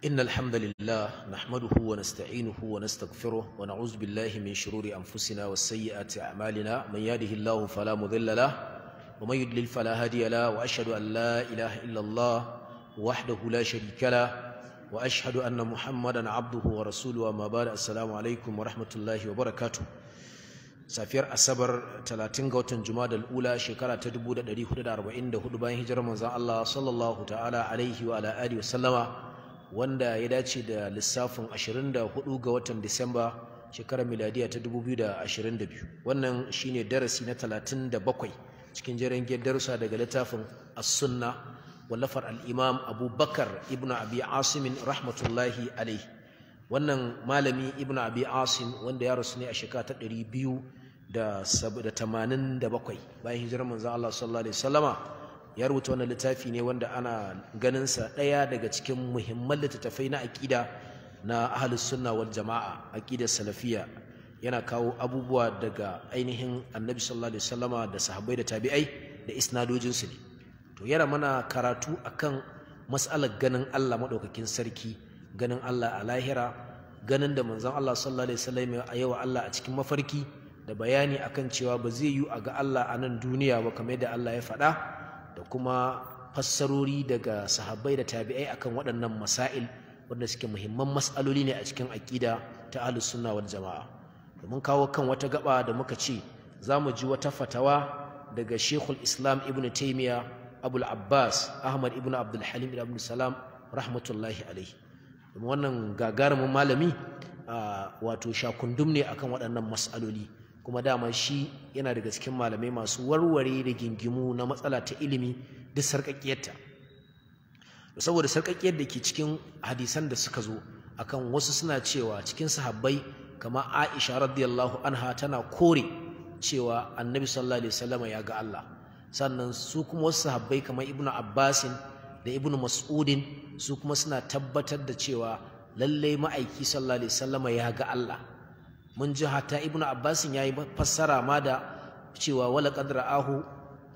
إن الحمد لله نحمده ونستعينه ونستغفره ونعوذ بالله من شرور أنفسنا وسيئات أعمالنا من يهده الله فلا مضل له ومن يضلل فلا هادي له وأشهد أن لا إله إلا الله وحده لا شريك له وأشهد أن محمدا عبده ورسوله وما بعد السلام عليكم ورحمة الله وبركاته safiyar asabar 30 ga watan jumada al'ula shekara ta 1444 bayan hijirar manzon Allah sallallahu ta'ala alaihi wa ala alihi wa sallama wanda ya dace da lissafin 24 ga watan Disamba shekarar miladiya ta 2022 wannan shine darasi na 37 cikin jerengen darussa daga littafin as-sunna wallafar al-imam abubakar ibnu abi asim rahmatullahi alaihi wannan malami Ibn abi asim wanda ya rasu ne a shekara ta 287 bayan hijirar manzon Allah sallallahu alaihi wasallama ya rubuta wannan littafi ne wanda ana ganin sa ɗaya daga cikin muhimman littattafai na aƙida na ahlus sunna wal jama'a aƙidar salafiya. yana kawo abubuwa daga ainihin annabi sallallahu alaihi wasallama da sahabbai da tabi'ai da isnadojin su ne to yana mana karatu akan mas'alar ganin Allah madaukakin sarki ganin Allah a lahira ganin da manzon Allah sallallahu alaihi wasallam ya wa Allah a cikin mafarki da bayani akan cewa ba zai yi a ga Allah a nan duniya ba kamar yadda Allah ya faɗa da kuma fassarori daga sahabbai da tabi'ai akan waɗannan masail wanda suke muhimman mas'aloli ne a cikin aƙida ta ahlus sunna wal jama'a mun kawo kan wata gaba da muka ce za mu ji wata fatawa daga shekul islam ibn taimiya abul abbas ahmad ibn abdul halim ibn salam rahmatullahi alaihi wannan gagarumin malami ah, wato shakundum ne akan waɗannan mas'aloli kuma dama shi yana daga cikin malamai masu warware da gingimu na matsala ta ilimi duk sarƙaƙiyarta saboda sarƙaƙiyar da ke cikin hadisan da suka zo akan wasu suna cewa cikin sahabbai kamar Aisha radiyallahu anha tana kore cewa Annabi sallallahu alaihi wasallam ya ga Allah sannan su kuma wasu sahabbai kamar Ibnu Abbasin da Ibnu Mas'udin su kuma suna tabbatar da cewa lallai ma'aiki sallallahu alaihi wasallam ya ga Allah mun ji hatta ibnu abbasin yayi fassara ma da cewa wala qad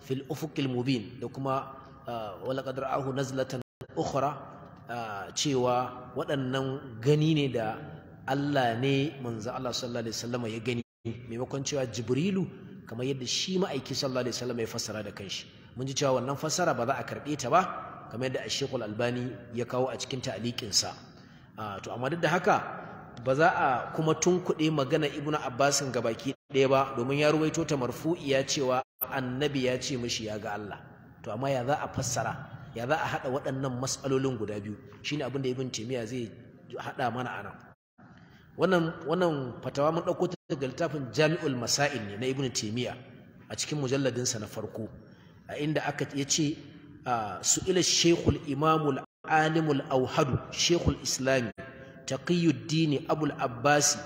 fil ufuqil mubin da kuma ah, wala qad ra'ahu nazlatan ukhra ah, cewa waɗannan gani ne da Allah ne manzo Allah sallallahu alaihi wasallam ya gani maimakon cewa jibrilu kamar yadda shi ma'aiki sallallahu alaihi wasallam ya fassara da kanshi mun ji cewa wannan fassara ba za a karɓe ta ba kamar yadda al Albani ya kawo a cikin ta'liqin ah, to amma duk da haka ba za a kuma tunkuɗe magana ibnu abbasin gabaki ɗaya ba domin ya ruwaito ta marfu'i ya cewa annabi ya ce mishi ya ga Allah to amma ya za a fassara ya za a haɗa waɗannan matsalolin guda biyu shine abin da ibn Taimiya zai haɗa mana a nan wannan wannan fatawa mun ɗauko ta daga littafin jami'ul masail ne na ibn Taimiya a cikin mujalladin sa na farko a inda aka ya ce ah, su'ila shekul imamul alimul auhadu shekul islami taqiyuddin abul abbasi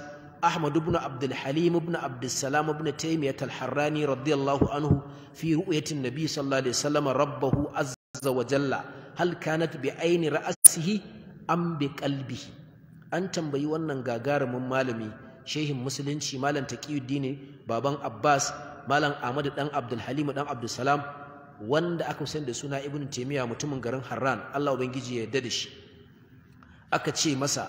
ahmad ibn abdul halim ibn abdul salam ibn taymiyah al radiyallahu anhu fi ru'yatin nabi sallallahu alaihi wasallam rabbahu azza wa jalla hal bi aini ra'sihi am bi qalbihi an tambayi wannan gagarumin malami shehin musulunci malam taqiyuddin baban abbas malam ahmad dan abdul dan abdul wanda aka san da suna ibnu taymiya mutumin garin harran Allah ubangiji ya yarda da shi aka ce masa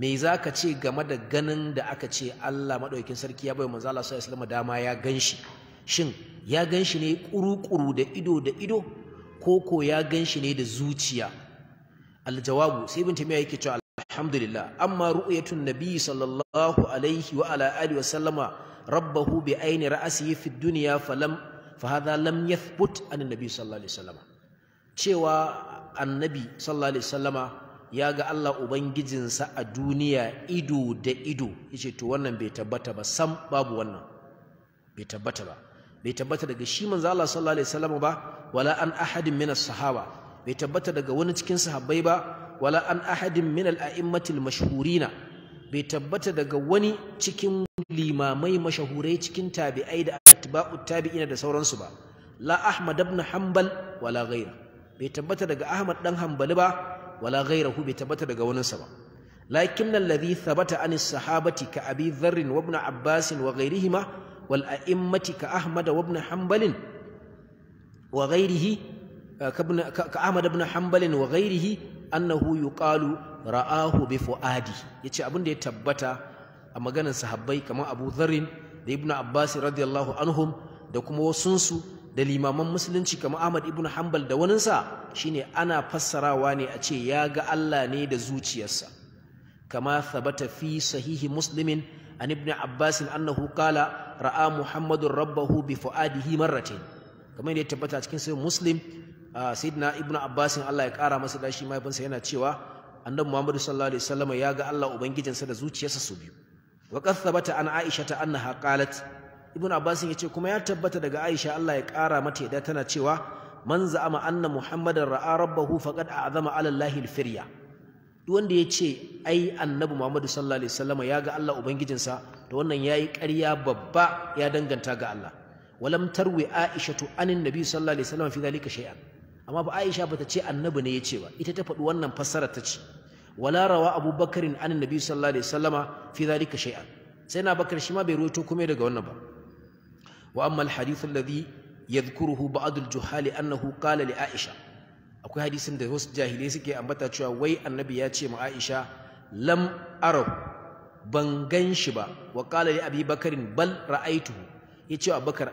me za ka ce game da ganin da aka ce Allah maɗaukin sarki ya bai manzo Allah sallallahu alaihi dama ya gan shi shin ya gan shi ne ƙuruƙuru da ido da ido ko ko ya gan shi ne da zuciya aljawabu sai ibn tamiya yake cewa alhamdulillah amma ru'yatun nabi sallallahu alaihi wa ala alihi wa sallama rabbahu bi aini ra'sihi fi dunya falam fa hada lam yathbut an nabi sallallahu alaihi sallama cewa annabi sallallahu alaihi sallama ya ga Allah ubangijinsa a duniya ido da ido yace to wannan bai tabbata ba sam babu wannan bai tabbata ba bai tabbata daga shi manzo Allah sallallahu alaihi wasallam ba wala an ahadin min as-sahaba bai tabbata daga wani cikin sahabbai ba wala an ahadin min al-a'immatil mashhurina bai tabbata daga wani cikin limamai mashahurai cikin tabi'ai da atba'u tabi'ina da sauransu ba la ahmad ibn hanbal wala ghayra bai tabbata daga ahmad dan hanbali ba wala ghayrahu bai tabbata daga waninsa ba lakin alladhi thabata an sahabati ka abi dharr wa ibn abbas wa ghayrihima wal a'immati ka ahmad wa ibn wa ghayrihi ka ahmad ibn hanbal wa ghayrihi annahu yuƙalu, ra'ahu bi Ya ce abin da ya tabbata a maganar sahabbai kamar abu dharr da ibn abbas radiyallahu anhum da kuma wasunsu da limaman musulunci kamar Ahmad ibn Hanbal da waninsa shine ana fassarawa ne a ce ya ga Allah ne da zuciyarsa kama thabata fi sahihi muslimin an ibn Abbas annahu qala ra'a Muhammadu rabbahu bi fuadihi marratayn kamar yadda ya tabbata cikin sahih Muslim sayyidina ibn Abbas Allah ya kara masa dashi mahaifinsa yana cewa annabi Muhammad sallallahu alaihi wasallam ya ga Allah ubangijinsa da zuciyarsa su biyu wa qad thabata an Aisha ta annaha qalat ibn abbasin ya ce kuma ya tabbata daga aisha Allah ya kara mata yadda tana cewa man za'ama anna muhammadan ra'a rabbahu faqad a'zama 'ala allahi firya duk wanda ya ce ai annabi muhammadu sallallahu alaihi wasallama ya ga Allah ubangijinsa da wannan yayi ƙarya babba ya danganta ga Allah walam tarwi aishatu anin nabi sallallahu alaihi wasallam fi dhalika shay'an amma ba aisha bata ce annabi ne ya ce ba ita ta faɗi wannan fassara ta ce wala rawa abubakarin anin nabi sallallahu alaihi wasallama fi dhalika shay'an sai na bakar shi ma bai ruwaito komai daga wannan ba وأما الحديث الذي يذكره بعض الجهال أنه قال لعائشة akwai hadisin da wasu jahilai suke ambata cewa wai annabi ya ce ma Aisha lam arahu ban gan shi ba wa qala li Abi Bakarin bal ra'aituhu yace Abubakar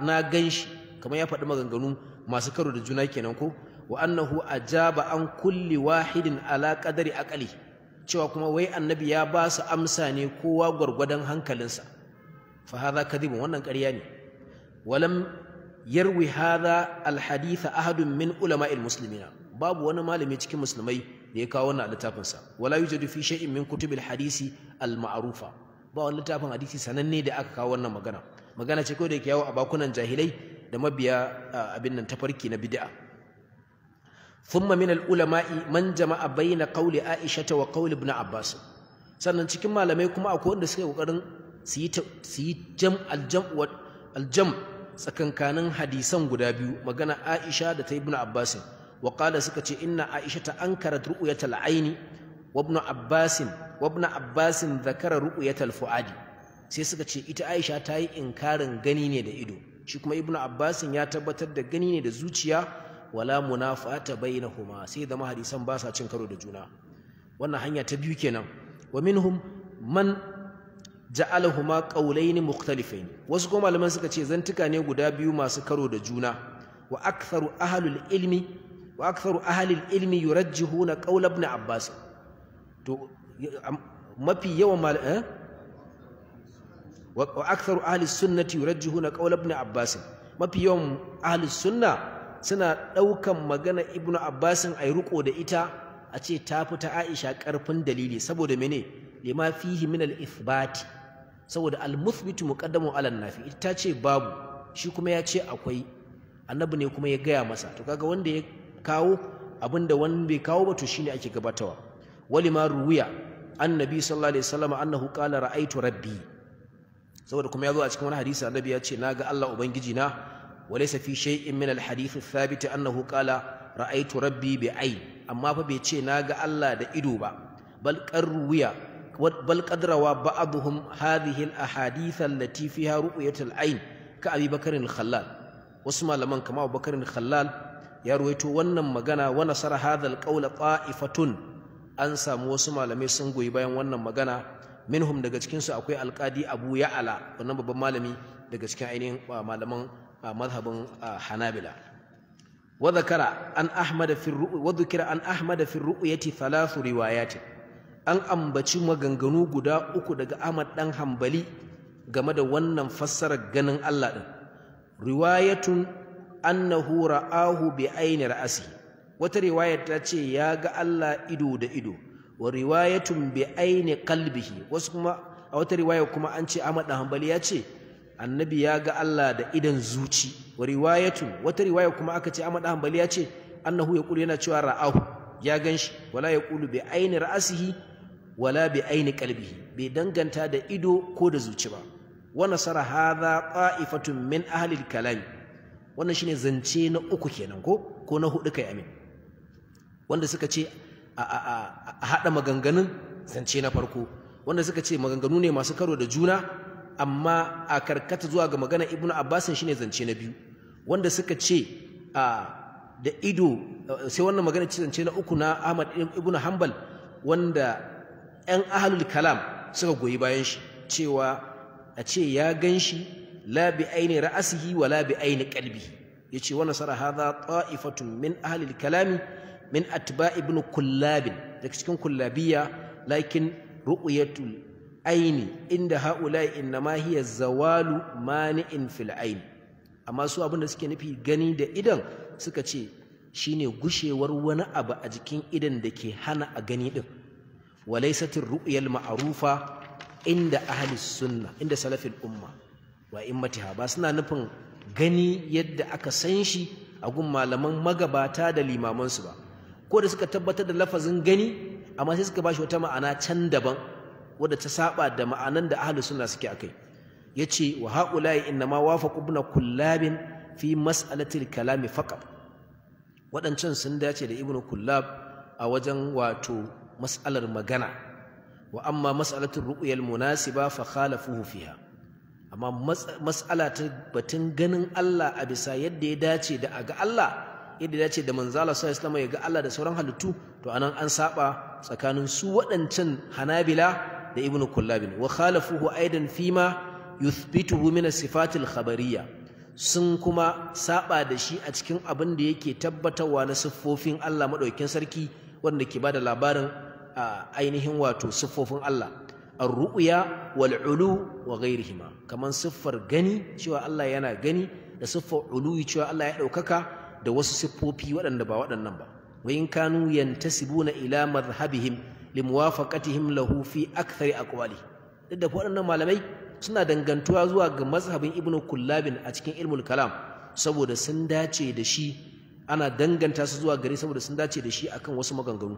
na gan shi kamar ya faɗi maganganu masu karo da juna kenan ko wa annahu ajaba an kulli wahidin ala qadari aqli cewa kuma wai annabi ya basu amsa ne kowa gwargwadon hankalinsa fa hadha kadhibun wannan karya ne walam yarwi hadha alhadith ahadun min ulama'il muslimina babu wani malami cikin musulmai da ya kawo wannan littafin sa wala yujadu fi shay'in min kutubil hadisi alma'rufa ba wani littafin hadisi sananne da aka kawo wannan magana magana ce kawai da ke yawo a bakunan jahilai da mabiya abin nan tafarki na bid'a thumma min al-ulama'i man jama'a bayna qawli Aisha wa qawli Abbas sannan cikin malamai kuma akwai wanda suka yi kokarin su yi aljam tsakankanin hadisan guda biyu magana aisha da ta ibn abbasin wa suka ce inna aisha ta kara ru'uyatal aini wa wabna abbasin da ibn abbasin zakara fuadi sai suka ce ita aisha ta yi inkarin gani ne da ido shi kuma ibn abbasin ya tabbatar da gani ne da zuciya wala munafata bainahuma sai zama hadisan ba sa cin karo da juna wannan hanya ta biyu kenan wa minhum man ja'alahuma qawlayn mukhtalifayn wasu ko malaman suka ce zantuka ne guda biyu masu karo da juna wa aktharu ahlul ilmi wa aktharu ahlul ilmi yurajjihuna qawl ibn abbas to mafi yawan mal eh wa aktharu ahli sunnati yurajjihuna qawl ibn abbas mafi yawan ahli sunna suna daukan magana ibnu abbas ay ruko da ita a ce ta fita aisha karfin dalili saboda mene lima fihi min al-ithbati saboda al-muthbitu muqaddamun ala nafi ita ce babu shi kuma ya ce akwai annabi ne kuma ya gaya masa to kaga wanda ya kawo abinda wani bai kawo ba to shine ake gabatawa walima ruwiya annabi sallallahu alaihi wasallam annahu qala ra'aytu rabbi saboda kuma ya zo a cikin wani hadisi annabi ya ce naga Allah ubangiji na walaysa fi shay'in min al-hadith annahu qala ra'aitu rabbi bi ayn amma fa bai ce naga Allah da ido ba bal qarruya بل قد روى بعضهم هذه الأحاديث التي فيها رؤية العين كأبي بكر الخلال واسمع لمن كما أبو بكر الخلال يرويت ون مغانا ونصر هذا القول طائفة أنسى موسما لم يسنقوا يبين ون مغانا منهم daga cikin akwai alqadi Abu Ya'la wannan babban malami daga cikin ainihin malaman mazhabin Hanabila wa dhakara an Ahmad fi wa dhukira an Ahmad an ambaci maganganu guda uku daga Ahmad ɗan Hambali game da wannan fassarar ganin Allah ɗin. Riwayatun annahu ra'ahu bi aini ra'asi wata riwaya ta ce ya ga Allah ido da ido wa riwayatun bi aini qalbihi wasu kuma a wata riwaya kuma an ce Ahmad ɗan Hambali ya ce annabi ya ga Allah da idan zuci wa riwayatun wata riwaya kuma aka ce Ahmad ɗan Hambali ya ce annahu yaqulu yana cewa ra'ahu ya ganshi wala yaqulu bi aini ra'asihi wala bi aini qalbihi bai danganta da ido ko da zuci ba wa nasara hadha qa'ifatun min ahli al-kalam wannan shine zance na uku kenan ko ko na hudu kai amin wanda suka ce a a a hada maganganun zance na farko wanda suka ce maganganu ne masu karo da juna amma a karkata zuwa ga magana ibnu abbas shine zance na biyu wanda suka ce a da ido sai wannan magana ce zance na uku na ahmad ibnu hanbal wanda 'yan ahalul kalam suka goyi bayan shi cewa a ce ya gan shi la bi aini ra'asihi wa la bi aini qalbi yace wa nasara hadha ta'ifatun min ahalil kalami min atba ibn kullabin daga cikin kullabiya lakin ru'yatul aini inda haula inna ma hiya zawalu mani'in fil aini amma su abin suke nufi gani da idan suka ce shine gushewar wani abu a jikin idan da ke hana a gani din inda الرؤيا المعروفة inda salafin umma. Wa سلف matiha ba suna nufin gani yadda aka san shi a gun malaman magabata da limamansu ba ko da suka tabbatar da lafazin gani amma sai suka shi wata ma'ana can daban wadda ta saba da ma'anan da ahlus sunna suke a akai yace wa haula'i ma wafa ibn kullabin fi mas'alatil kalami faqat waɗancan sun dace da ibn kullab a wajen wato mas'alar magana wa amma mas'alatul munasi munasiba fa khalafuhu fiha amma mas'ala ta batun ganin Allah a bisa yadda ya dace da ga Allah yadda ya dace da manzo Allah sallallahu alaihi ya ga Allah da sauran halittu to anan an saba tsakanin su waɗancan Hanabila da Ibn Kullabin wa khalafuhu aidan fima yuthbituhu min sifatil khabariyya sun kuma saba da shi a cikin abin da yake tabbatarwa na siffofin Allah madaukakin sarki wanda ke bada labarin ainihin wato siffofin Allah ar-ru'ya wal ulu wa ghairihima kaman siffar gani cewa Allah yana gani da siffar 'ulu cewa Allah ya ɗaukaka da wasu siffofi waɗanda ba waɗannan ba wa in kanu yantasibuna ila madhhabihim limuwafaqatihim lahu fi akthari aqwali duk da waɗannan malamai suna dangantuwa zuwa ga mazhabin ibnu kullabin a cikin ilmul kalam saboda sun dace da shi ana danganta su zuwa gari saboda sun dace da shi akan wasu maganganu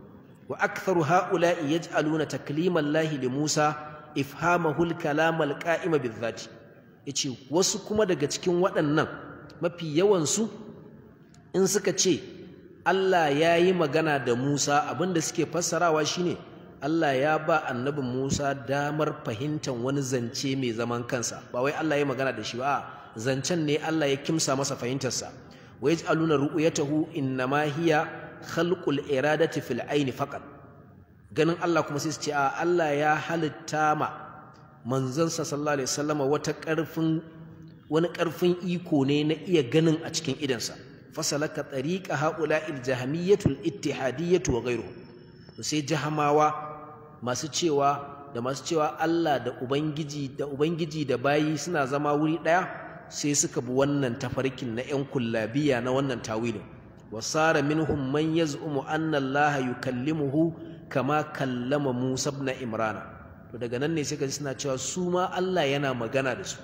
wa aktharu ha'ula'i yaj'aluna taklima lahi li Musa ifhamahul kalam alqa'ima bizati yace wasu kuma daga cikin waɗannan mafi yawan su in suka ce Allah ya yi magana da Musa abinda suke fassarawa shine Allah ya ba annabin Musa damar fahimtar wani zance mai zaman kansa ba wai Allah ya magana da shi ba zancen ne Allah ya kimsa masa fahimtarsa wa yaj'aluna ru'yatahu innama hiya khalqul iradati fil aini faqat ganin Allah kuma sai su ce a Allah ya halitta ma manzansa sallallahu alaihi wata wani karfin iko ne na iya ganin a cikin idansa fasalaka tariqa haula'il jahamiyyatul ittihadiyyatu wa ghayruh sai jahamawa masu cewa da masu cewa Allah da ubangiji da bayi suna zama wuri ɗaya. sai suka bi wannan tafarkin na 'yan kullabiya na wannan tawilin wasara minhum man yaz'umu anna allaha yukallimuhu kama kallama musa na imrana to daga nan ne sai ka suna cewa su ma Allah yana magana da su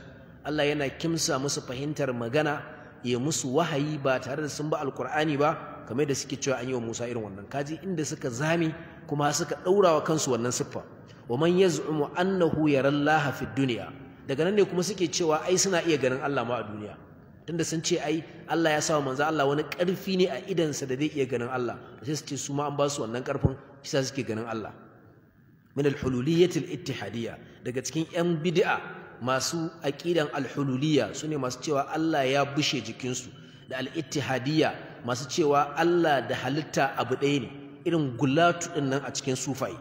Allah yana kimsa musu fahimtar magana ya musu wahayi ba tare da sun ba alkur'ani ba kamar da suke cewa an yi wa Musa irin wannan kaji inda suka zame kuma suka ɗaura wa kansu wannan siffa wa man yaz'umu annahu yaran laha fi duniya daga nan ne kuma suke cewa ai suna iya ganin Allah ma a duniya tunda sun ce ai Allah ya sa wa manzo Allah wani karfi ne a sa da zai iya ganin Allah sai su ce su ma an ba su wannan ƙarfin shi suke ganin Allah min al-hululiyyatil ittihadiyya daga cikin yan bid'a masu aqidan al hululiyyah sune masu cewa Allah ya bushe jikin su da al-ittihadiyya masu cewa Allah da halitta abu ɗaya ne irin gulatu ɗin nan a cikin sufai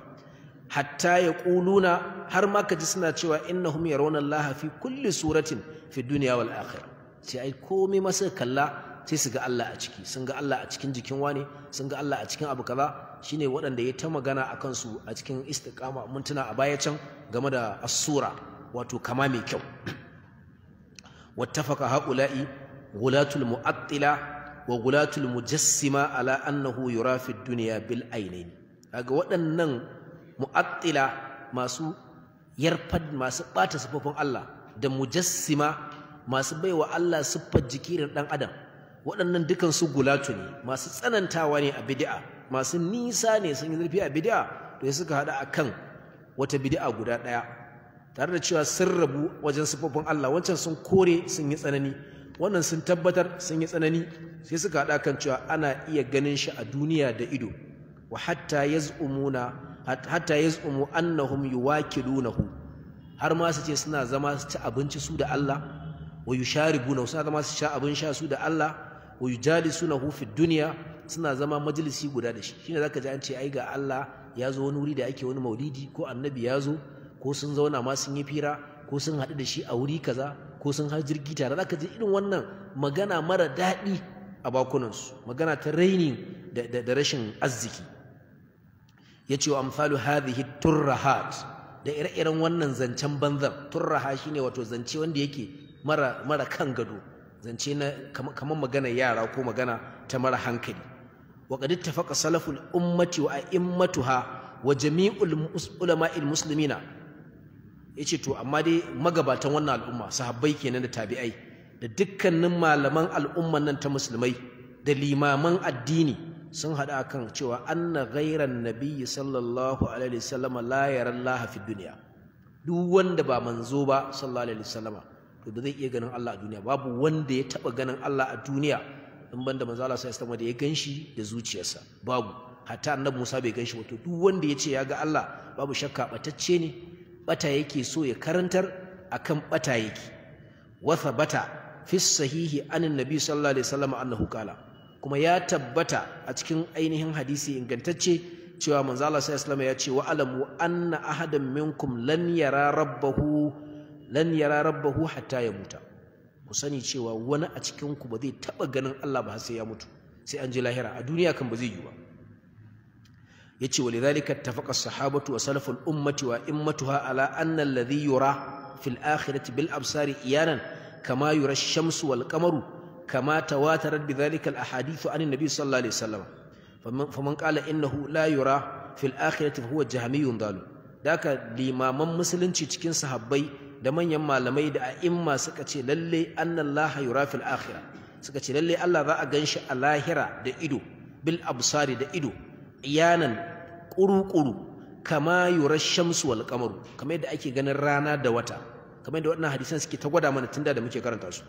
hatta ya ƙuluna har ma ka ji suna cewa inna hum yarawna Allah fi kulli suratin fi dunya wal akhirah sai ai komai masa kalla sai su ga Allah a ciki sun ga Allah a cikin jikin wani sun ga Allah a cikin abu kaza shine waɗanda ya ta magana a kansu a cikin istiqama mun tuna a baya can game da as-sura wato kama mai kyau wattafaqa haula'i gulatul mu'attila wa gulatul mujassima ala annahu yura fi dunya bil ainain kaga waɗannan mu'attila masu yarfad masu ɓata siffofin Allah da mujassima masu baiwa Allah siffar jikirin ɗan adam waɗannan dukan su gulatu ne masu tsanantawa ne a bid'a masu nisa ne sun yi zurfi a bid'a to suka hada akan wata bid'a guda ɗaya tare da cewa sun rabu wajen siffofin Allah wancan sun kore sun yi tsanani wannan sun tabbatar sun yi tsanani sai suka hada kan cewa ana iya ganin shi a duniya da ido wa hatta yaz'umuna hatta yasumu annahum yuwakilunahu har ma su ce suna zama su ci abinci su da Allah wa yusharibunahu suna zama su sha abin sha su da Allah wa yujalisunahu fid dunya suna zama majalisi guda da shi shine zaka ji an ce ai ga Allah ya zo wani wuri da ake wani maulidi ko annabi ya zo ko sun zauna ma sun yi fira ko sun haɗu da shi a wuri kaza ko sun har jirgi tare zaka ji irin wannan magana mara daɗi a bakunansu magana ta raini da rashin arziki yace wa amsalu hadhihi turrahat da ire-iren wannan zancen banzan turraha shine wato zance wanda yake mara mara kan gado zance na kamar magana yara ko magana ta mara hankali wa qad ittafaqa salaful ummati wa a'immatuha wa jami'ul ulama'il muslimina yace to amma dai magabatan wannan al'umma sahabbai kenan da tabi'ai da dukkanin malaman al'umman nan ta musulmai da limaman addini sun haɗa kan cewa anna ghairan nabiyyi sallallahu alaihi wasallam la yara Allah fi duk wanda ba manzo ba sallallahu alaihi wasallam to da zai iya ganin Allah a duniya babu wanda ya taba ganin Allah a duniya in banda manzo Allah sallallahu alaihi da ya ganshi da zuciyarsa babu hatta annabi Musa bai ganshi ba to duk wanda ya ce ya ga Allah babu shakka batacce ne bata yake so ya karantar akan bata yake wa thabata fi sahihi anan nabi sallallahu alaihi wasallam annahu qala kuma ya tabbata a cikin ainihin hadisi ingantacce cewa manzo Allah sallallahu ya ce wa alamu anna ahadan minkum lan yara rabbahu lan yara rabbahu hatta ya muta ku sani cewa wani a cikin ku ba zai taba ganin Allah ba sai ya mutu sai an ji lahira a duniya kan ba zai yi ba yace walidhalika ittafaqa as-sahabatu wa salaful ummati wa immatuha ala anna alladhi yura fil akhirati bil absari iyanan kama yura ash-shamsu wal qamaru كما تواترت بذلك الأحاديث عن النبي صلى الله عليه وسلم فمن قال إنه لا يرى في الآخرة فهو جهمي ضال ذاك الإمام مسلم cikin sahabbai da manyan malamai da a'imma suka ce lalle annallaha yura fil akhirah suka ce lalle Allah za a ganshi a lahira da ido bil absari da ido iyanan kuru-kuru kama yura shamsu wal qamaru kamar yadda ake ganin rana da wata kamar yadda waɗannan hadisan suke ta gwada mana tunda da muke karanta su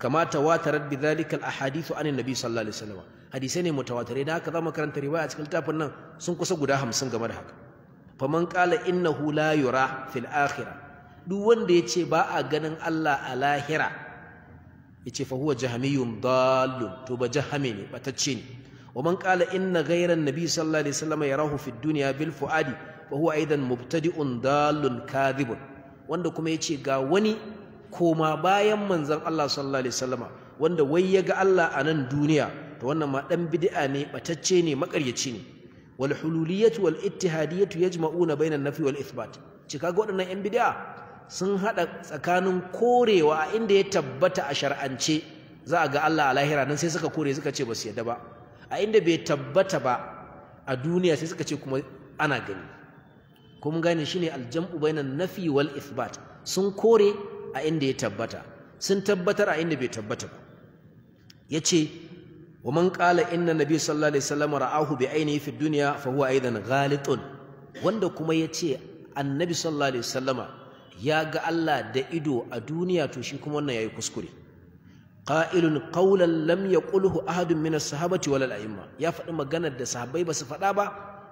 kama tawatarat bidhalika al-ahadithu anin nabi sallallahu alaihi wasallam hadisai ne mutawatirai da haka zamu karanta riwaya a cikin littafin nan sun kusa guda 50 game da haka Fa faman qala innahu la yura fil akhirah duk wanda yace ba a ganin Allah a lahira yace fa huwa jahamiyyun dallun to ba jahami ne batacce ne ومن قال إن غير النبي صلى الله عليه وسلم يراه في الدنيا بالفؤاد فهو أيضا مبتدئ ضال كاذب wanda kuma yace ga wani koma bayan manzon Allah sallallahu alaihi wasallama wanda wai ya ga Allah a nan duniya to wannan ma dan bid'a ne batacce ne makaryaci ne wal hululiyatu wal ittihadiyatu yajma'una bainan na wal ithbat ci kaga waɗannan yan bid'a sun haɗa tsakanin korewa a inda ya tabbata a shar'ance za a ga Allah a lahira nan sai suka kore suka ce ba su yadda ba a inda bai tabbata ba a duniya sai suka ce kuma ana gani kun gane shine aljam'u bainan nafi wal ithbat sun kore a inda ya tabbata sun tabbatar a inda bai tabbata ba Ya ce, wa man ƙala inna nabi sallallahu alaihi wasallam ra'ahu bi ainihi fi dunya fa huwa aidan ghalitun wanda kuma ya ce, annabi sallallahu alaihi wasallam ya ga Allah da ido a duniya to shi kuma wannan yayi kuskure qa'ilun qawlan lam yaqulhu ahadun min as-sahabati wal a'imma ya faɗi maganar da sahabbai ba su faɗa ba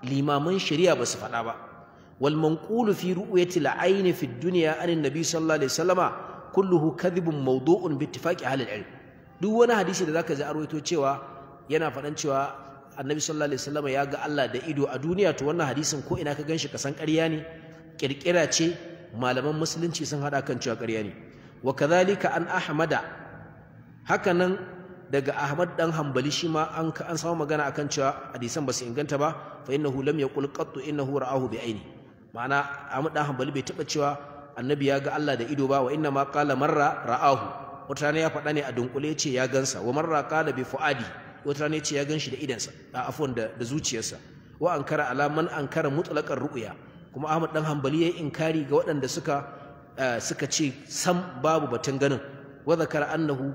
limaman shari'a ba su faɗa ba wal manqulu fi ru'yati al-ayn fi ad-dunya an an-nabi sallallahu alaihi wasallama kulluhu kadhibun mawdu'un bi ittifaqi ahli al-ilm duk wani hadisi da za ka ji arwaito cewa yana faɗan cewa annabi sallallahu alaihi wasallama ya ga Allah da ido a duniya to wannan hadisin ko ina ka ganshi kasan karya ne kirkira ce malaman musulunci sun hada kan cewa karya ne wa kadhalika an ahmada hakanan daga ahmad ɗan hambali shi ma an sama samu magana akan cewa hadisan ba su inganta ba fa innahu lam yaqul qattu innahu ra'ahu bi aini ma'ana Ahmad dan Hanbali bai taba cewa annabi ya ga Allah da ido ba wa inna ma qala marra ra'ahu wata rana ya faɗa ne a dunkule ce ya gansa wa marra qala bi fuadi wata rana ce ya ganshi da idansa a afwan da, zuciyarsa wa ankara ala man ankara mutlaqar ru'ya kuma Ahmad dan Hanbali yayi inkari ga waɗanda suka eh, suka ce sam babu batun ganin wa zakara annahu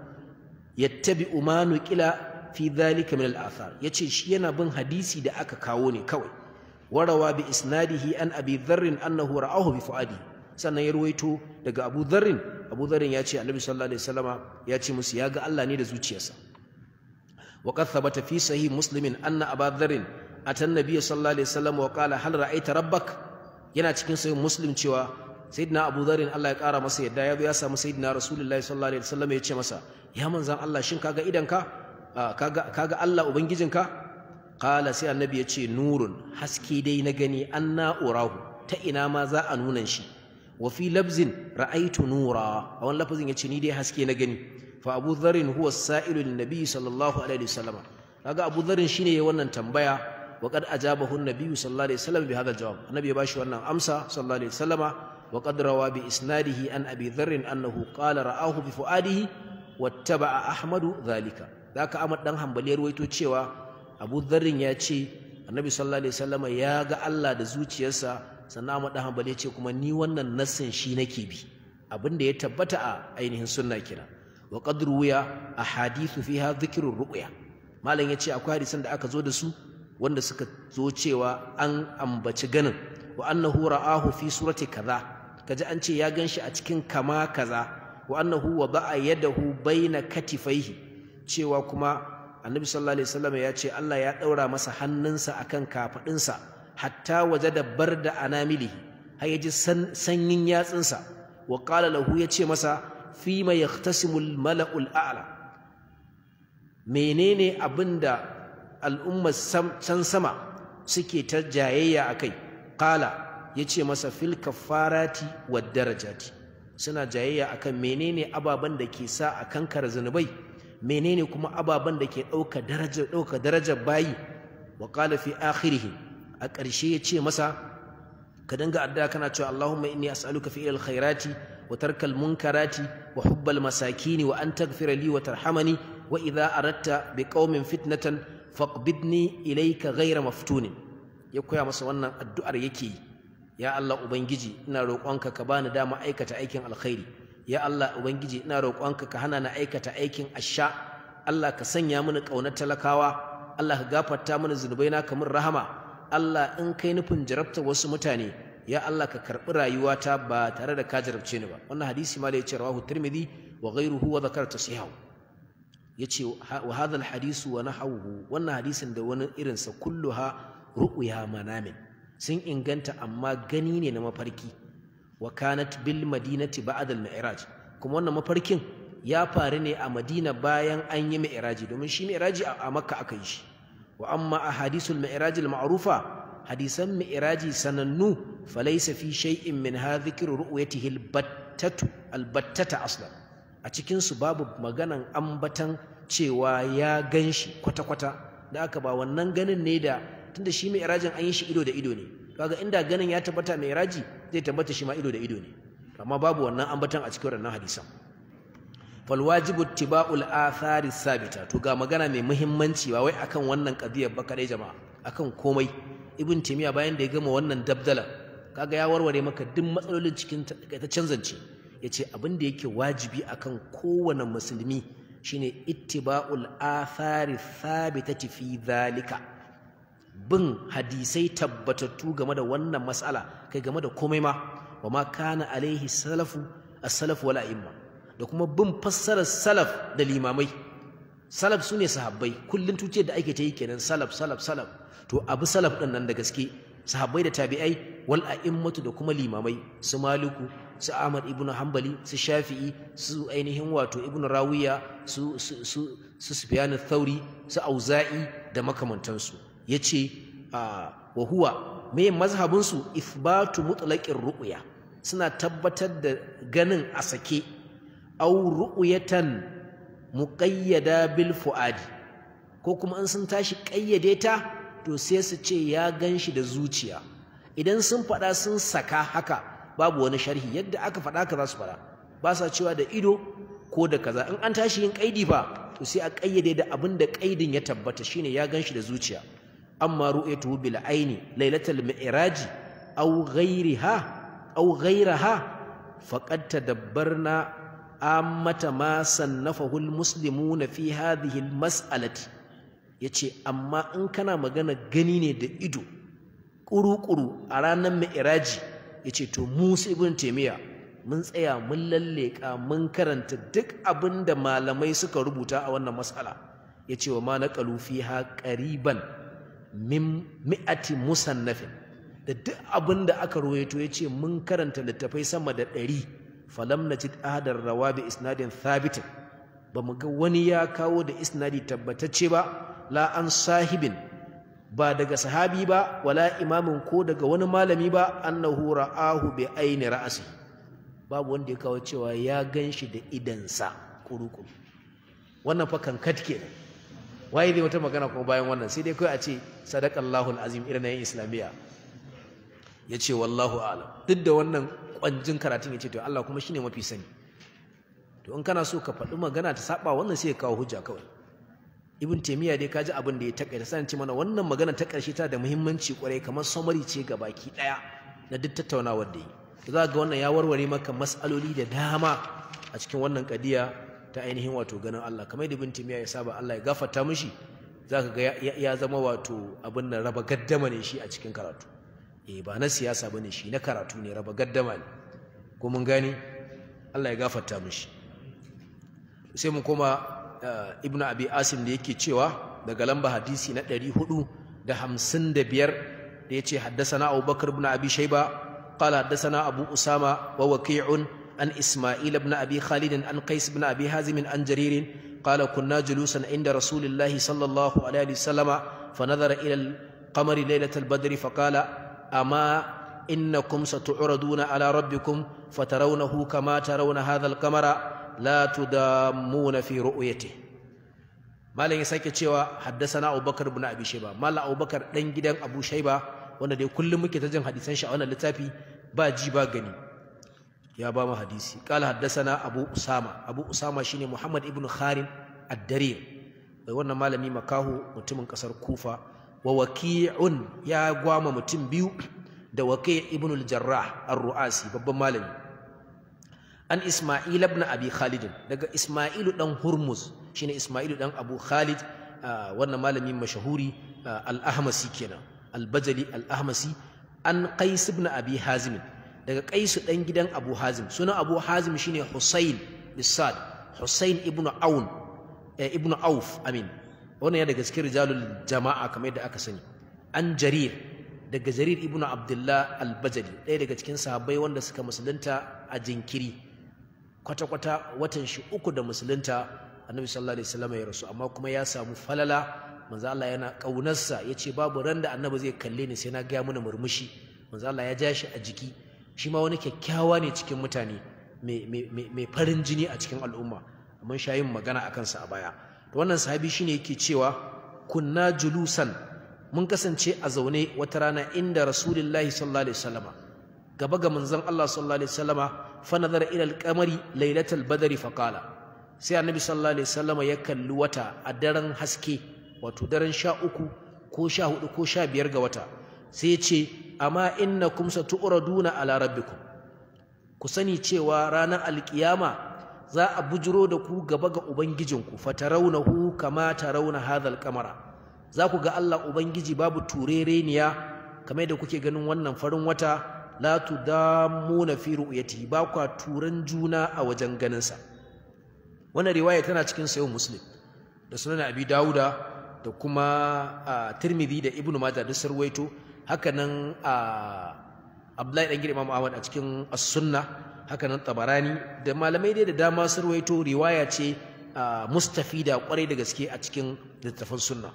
yattabi'u ma nuqila fi dhalika min al-athar yace shi yana bin hadisi da aka kawo ne kawai warawa bi isnadihi an abi dharrin annahu ra'ahu bi fuadi sannan ya ruwaito daga abu dharrin abu dharrin ya ce annabi sallallahu alaihi ya ce musu ya ga Allah ne da zuciyarsa wa qad thabata fi sahih muslimin anna aba dharrin atan nabiy sallallahu alaihi wasallam wa qala hal ra'aita rabbak yana cikin sahih muslim cewa sayyidina abu dharrin Allah ya kara masa yadda ya zo ya samu sayyidina rasulullahi sallallahu alaihi ya ce masa ya manzan Allah shin kaga idanka ah, kaga kaga Allah ubangijinka qala sai annabi ya ce nurun haske dai na gani an na'urahu ta ina ma za a nuna shi wa fi labzin ra'aitu nura a wani lafazin ya ce ni dai haske na gani fa abu dharrin huwa sa'ilu nabi sallallahu alaihi wasallam kaga abu dharrin shine ya wannan tambaya wa ajabahun ajabahu nabi sallallahu alaihi annabi ya bashi wannan amsa sallallahu alaihi wasallama وقد روى بإسناده أن أبي ذر أنه قال رآه بفؤاده واتبع أحمد ذلك ذاك أمد دان حنبلي رويتو cewa abu dharrin ya ce annabi sallallahu alaihi wasallam ya ga Allah da zuciyarsa sannan Ahmad dan Hanbali ya ce kuma ni wannan nassin shi nake bi abinda ya tabbata a ainihin sunna kina wa qad ruwiya ahadithu fiha dhikru ru'ya malam ya ce akwai hadisan da aka zo da su wanda suka zo cewa an ambaci ganin wa annahu ra'ahu fi surati kaza kaji an ce ya ganshi a cikin kama kaza wa annahu wada'a yadahu baina katifaihi cewa kuma annabi sallallahu alaihi wasallam ya ce Allah ya daura masa hannunsa akan kafadinsa hatta wajada barda anamilihi har yaji sanyin yatsinsa wa qala lahu ya ce masa fi ma yahtasimu al-mala'u al-a'la menene abinda al'ummar can sama suke ta jayayya akai qala yace masa fil kaffarati wad darajati suna jayayya akan menene ababen da ke sa a kankara zunubai menene kuma ababen da ke ɗauka darajar ɗauka darajar bayi wa qala fi akhirih a ƙarshe ya ce masa ka dinga addu'a kana cewa Allahumma inni as'aluka fi alkhairati wa tarkal munkarati wa hubbal masakini wa an taghfira li wa tarhamani wa idza aradta bi qaumin fitnatan faqbidni ilayka ghayra maftunin ya koya masa wannan addu'ar yake yi ya Allah ubangiji ina roƙonka ka bani dama aikata aikin alkhairi ya Allah ubangiji ina roƙonka ka hana na aikata aikin asha Allah ka sanya mini ƙaunar talakawa Allah ka gafarta mini zunubaina kamar rahama Allah in kai nufin jarabta wasu mutane ya Allah ka karɓi rayuwata ba tare da ka jarabce ni ba wannan hadisi ma da ya ce rawahu tirmidhi wa ghayruhu wa dhakara tasihahu yace wa hadha alhadisu wa nahawuhu wannan hadisin da wani irinsa kulluha ru'ya manamin sun inganta amma gani ne na mafarki wa kanat bil madinati ba'd al mi'raj kuma wannan mafarkin ya faru ne a Madina bayan an yi mi'raji domin shi mi'raji a Makka aka yi shi wa amma a mi'raj al ma'rufa hadisan mi'raji sanannu falaysa fi shay'in min hadhikr ru'yatihi al battatu al battata a cikin su babu maganan ambatan cewa ya ganshi kwata kwata da aka ba wannan ganin ne da tunda shi mi'rajin an yi shi ido da ido ne kaga inda ganin ya tabbata mai raji zai tabbata shi ma ido da ido ne amma babu wannan ambatan a cikin wannan hadisan fal wajibu tiba'ul athari sabita to ga magana mai muhimmanci ba wai akan wannan qadiyar ba jama'a akan komai ibn timiya bayan da ya gama wannan dabdala kaga ya warware maka duk matsalolin cikin ta canzance yace abin da yake wajibi akan kowane musulmi shine ittiba'ul athari sabitati fi zalika bin hadisai tabbatattu game da wannan matsala kai game da komai ma wa ma kana alaihi salafu as-salaf wal a'imma da kuma bin fassarar salaf da limamai salaf sune sahabbai kullun tuce da ake ta yi kenan salaf salaf salaf to abu salaf din nan da gaske sahabbai da tabi'ai wal a'immatu da kuma limamai su maliku su ahmad ibnu hanbali su shafi'i su ainihin wato ibnu rawiya su su su sufyan thauri su auza'i da makamantansu ya ce wa huwa me mazhabinsu ifbatu mutlaƙin ru'uya suna tabbatar da ganin a sake au mu muƙayyada bil fu'adi ko kuma in sun tashi ƙayyade ta to sai su ce ya gan shi da zuciya idan sun faɗa sun saka haka babu wani sharhi yadda aka faɗa ka za su faɗa ba sa cewa da ido ko da kaza in an tashi yin ƙaidi ba, to sai a ƙayyade da abin da ƙaidin ya tabbata shine ya gan shi da zuciya amma ru'yatuhu bil aini lailatul mi'raji aw ghayriha aw ghayraha faqad tadabbarna ammata ma sannafahu al muslimuna fi hadhihi al mas'alati yace amma in kana magana gani ne da ido kuru-kuru a ranar mi'raji yace to Musa ibn Taymiyyah mun tsaya mun lalleka mun karanta duk abinda malamai suka rubuta a wannan mas'ala yace wa ma naqalu fiha qariban min mi'ati musannafin da duk abin da aka ruwaito ya ce mun karanta littafai sama da ɗari falam na ci ahadar rawa bi isnadin thabitin ba mu ga wani ya kawo da isnadi tabbatacce ba la an sahibin ba daga sahabi ba wala imamin ko daga wani malami ba annahu ra'ahu bi aini ra'asi babu wanda ya kawo cewa ya gan shi da idansa kurukuru wannan fa kankat kenan waye zai wata magana kuma bayan wannan sai dai kai a ce sadaqallahu alazim irin nan islamiyya yace wallahu a'lam duk da wannan kwanjin karatun yace to Allah kuma shine mafi sani to in kana so ka faɗi magana ta saba wannan sai ka kawo hujja kawai ibn taymiya dai kaji abin da ya takaita sanin ce mana wannan magana ta karshe ta da muhimmanci kwarai kamar summary ce ga baki daya na duk tattaunawar da yi za ga wannan ya warware maka mas'aloli da dama a cikin wannan qadiya ta ainihin wato ganin Allah kamar da ibn timiya ya saba Allah ya gafarta Za zaka ga ya zama wato abin nan raba gaddama ne shi a cikin karatu eh ba na siyasa bane shi na karatu ne raba gaddama ne ko mun gani Allah ya gafata mishi sai mu koma eh, ibn abi asim da yake cewa daga lamba hadisi na hudu da da yace na abubakar ibn abi shayba qala na abu usama wa waqi'un عن إسماعيل بن أبي خالد عن قيس بن أبي هازم عن جرير قال كنا جلوسا عند رسول الله صلى الله عليه وسلم فنظر إلى القمر ليلة البدر فقال أما إنكم ستعرضون على ربكم فترونه كما ترون هذا القمر لا تدامون في رؤيته malam ya sake cewa haddasana abubakar ibn abi shayba malam abubakar dan gidan abu shayba wanda dai kullum muke ta jin hadisan shi a wannan littafi ba ji ba gani ya ba mu hadisi qala haddathana abu usama abu usama shine muhammad ibn Kharin ad-darir wannan malami makahu mutumin kasar kufa wa waqi'un ya gwama mutum biyu da waqi' ibn al-jarrah ar-ru'asi babban malami an isma'il ibn abi khalid daga isma'ilu dan hurmuz shine isma'ilu dan abu khalid wannan malami mashahuri al-ahmasi kenan al-bajali al-ahmasi an qais ibn abi hazim daga kaisu ɗan gidan abu hazim sunan abu hazim shine husayn bisad husayn ibnu aun eh, ibnu auf amin wannan ya daga cikin rijalul jama'a kamar yadda aka sani an jarir daga jarir Ibn abdullah al-bajali ɗaya daga cikin sahabbai wanda suka musulunta a jinkiri kwata-kwata watan shi uku da musulunta annabi sallallahu alaihi wasallam ya rasu amma kuma ya samu falala manzo Allah yana kaunarsa yace babu randa annabi zai kalle ni sai na ga mana murmushi manzo Allah ya ja shi a jiki shi ma wani kyakkyawa ne cikin mutane mai farin jini a cikin al'umma mun sha yin magana a kansa a baya to wannan sahabi shi shine yake cewa kunna julusan mun kasance a zaune wata rana inda rasulullahi sallallahu alaihi wasallama gaba ga manzon Allah sallallahu alaihi wasallama fa nazara ila al-qamari lailatal badri fa qala sai annabi sallallahu alaihi wasallama ya kalli wata a daren haske wato daren sha uku ko sha hudu ko sha biyar ga wata sai ya ce amma innakum satu'raduna ala rabbikum ku sani cewa ranar alkiyama za a bujiro da ku gaba ga ubangijinku hu kama tarawna hadhal kamara za ku ga Allah ubangiji babu turereniya kamar da kuke ganin wannan farin wata la tudammuna fi ru'yati ba kwa turan juna a wajen ganinsa wannan riwaya tana cikin sayo muslim da sunan abi dauda da kuma ah, tirmidhi da ibnu majah da sarwaito hakanan a abdullahi dan girma ma'awar a cikin sunna hakanan tabarani da malamai dai da dama su ruwaito riwaya ce a mustafi da kwarai da gaske a cikin littattafan sunna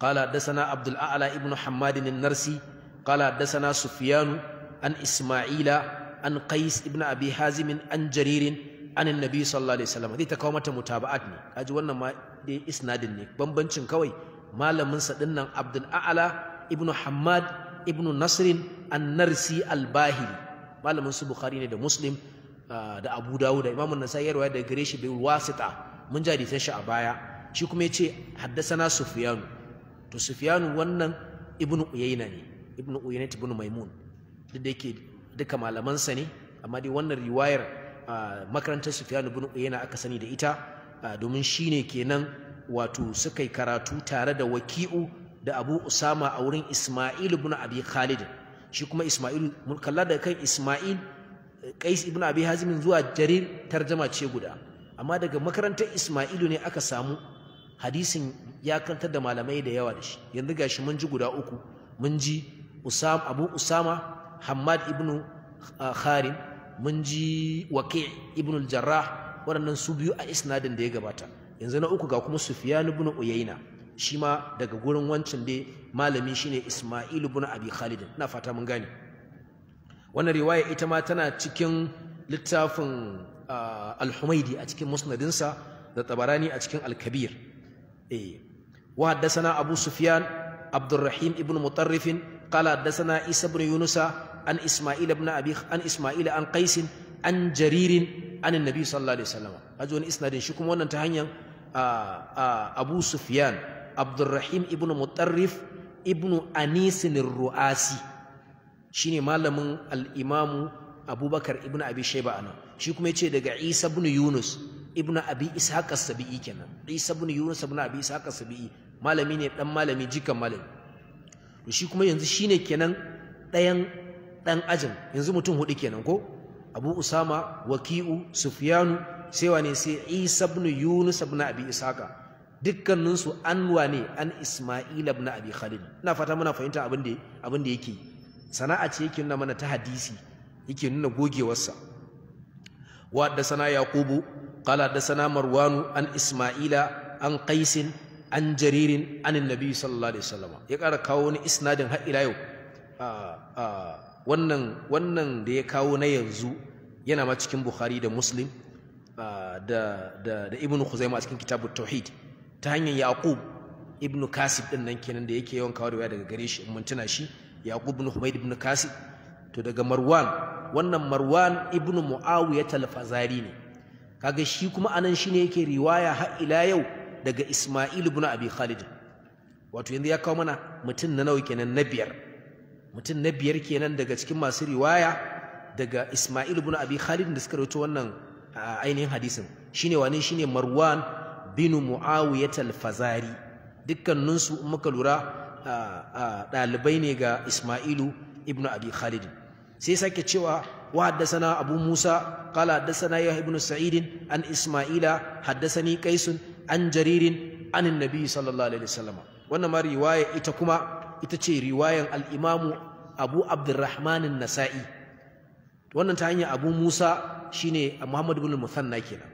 kala da sana abdul'ala ibn hamadin narsi kala da sana sufiyanu an ismaila an kais ibn abi hazimin an jaririn an nabi sallallahu alaihi wasallam dai ta kawo mata mutaba'at ne aji wannan ma isnadin ne bambancin kawai malaminsa sa dinnan abdul a'la ibnu hammad ibnu nasrin annarsi albahili malamin su bukhari ne da muslim ah, da abu dawud da imamun nasai ya da gare shi bil wasita mun ji shi a baya shi kuma ya ce haddasana sufyanu to sufyanu wannan ibnu uyayna ne ibnu uyayna ibnu maimun duk da yake duka malamansa ne amma dai wannan riwayar ah, makarantar sufyan bin uyayna aka sani da ita ah, domin shine kenan wato suka yi karatu tare da waki'u da Abu Usama a wurin Isma'il ibn Abi Khalid shi kuma Isma'il mun kalla da kan Isma'il Qais ibn Abi Hazim zuwa Jarir tarjuma ce guda amma daga makarantar Isma'ilu ne aka samu hadisin ya kantar da malamai da yawa da shi yanzu gashi mun ji guda uku mun ji Usam Abu Usama hamad ibn ah, Kharin mun ji Waqi' ibn al-Jarrah waɗannan su biyu a isnadin da ya gabata yanzu na uku ga kuma Sufyan ibn Uyayna shi ma daga gurin wancan dai malami shine Isma'il ibn Abi Khalid ina fata mun gane wannan riwaya ita ma tana cikin littafin Al-Humaidi a cikin musnadinsa da Tabarani a cikin Al-Kabir eh wa haddathana Abu Sufyan Abdurrahim ibn Mutarrif qala haddathana Isa ibn Yunus an Isma'il ibn Abi an Isma'il an Qais an Jaririn an Annabi sallallahu alaihi wasallam aji wani isnadin shi kuma wannan ta hanyar Abu Sufyan abdurrahim ibn mutarrif ibn anisin ru'asi shine malamin al abubakar ibn abi Shayba anan shi kuma yace daga isa ibn yunus ibn abi ishaq as-sabi'i kenan isa ibn yunus ibn abi ishaq as-sabi'i malami ne dan malami jikan malami to shi kuma yanzu shine kenan ɗayan ɗan ajin yanzu mutum hudu kenan ko abu usama waki'u sufyanu sai wane sai isa ibn yunus ibn abi Ishaq dukkaninsu an wane an Isma'il ibn Abi khalil ina fata muna fahimta abin da abin da yake sana'a ce yake nuna mana ta hadisi yake nuna gogewarsa wa da sana Yaqubu qala da sana Marwanu an Isma'ila an Kaisin, an Jaririn an Annabi sallallahu alaihi wasallam ya kara kawo wani isnadin har ila yau wannan da ya kawo na yanzu yana ma cikin Bukhari da Muslim da da Ibn Khuzaimah a cikin kitabut tauhid ta hanyar yaqub ibnu kasib din nan kenan da yake yawan kawo da daga gare shi in mun shi yaqub ibn humayd ibn kasib to daga marwan wannan marwan ibnu muawiyah al-fazari ne kaga shi kuma anan shine yake riwaya har ila yau daga Isma'il ibn Abi Khalid wato yanzu ya kawo mana mutum na nawa kenan na biyar mutum na biyar kenan daga cikin masu riwaya daga Isma'il ibn Abi Khalid da suka rawaito wannan ainihin hadisin shine wani shine Marwan binu muawiyat al-fazari dukkaninsu in muka lura ɗalibai ne ga isma'ilu Ibn abi khalid sai sake cewa wa haddasana abu musa qala haddasana ya ibnu sa'id an isma'ila haddasani qais an jaririn an annabi sallallahu alaihi wasallam wannan ma riwaya ita kuma ita ce riwayan al-imamu abu abdurrahman an-nasa'i wannan ta hanyar abu musa shine muhammad ibn al-muthanna kenan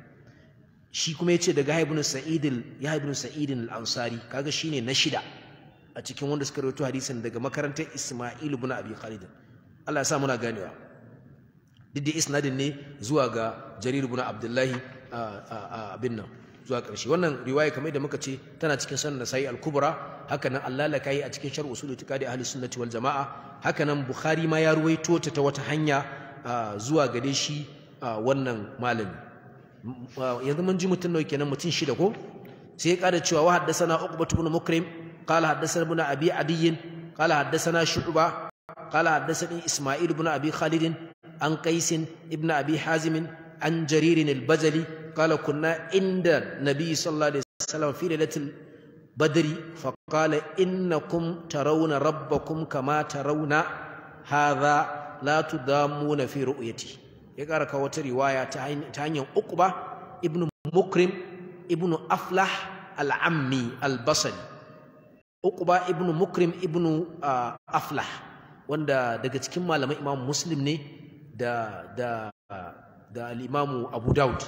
shi kuma ya ce daga haibun sa'idin ya haibun sa'idin al'ansari kaga shi ne na shida a cikin wanda suka rawaito hadisin daga makarantar isma'il bin abi khalidin Allah ya sa muna ganewa duk da isnadin ne zuwa ga jarir bin abdullahi abin nan zuwa ƙarshe wannan riwaya kamar da muka ce tana cikin sanar nasayi al-kubra haka nan Allah la kai a cikin sharh usul itikadi ahli sunnati wal jamaa haka nan bukhari ma ya ruwaito ta ta wata hanya zuwa gare shi wannan malami yanzu mun ji mutum nawa kenan mutum shida ko sai ya ƙara cewa wa haddasana uqbatu ibn mukrim qala haddasana ibn abi adiy qala haddasana shu'ba qala haddasani isma'il ibn abi khalid an qais ibn abi hazim an jarir al-bajali qala kunna inda nabi sallallahu alaihi wasallam fi lailatul Rabba فقال إنكم ترون ربكم كما ترون هذا لا تدامون في رؤيتي ya ƙara kawo wata riwaya ta hanyar uqba ibn mukrim ibn aflah al'ammi al-basri ibn mukrim ibn uh, aflah wanda daga cikin malaman imam muslim ne da da uh, da abu daud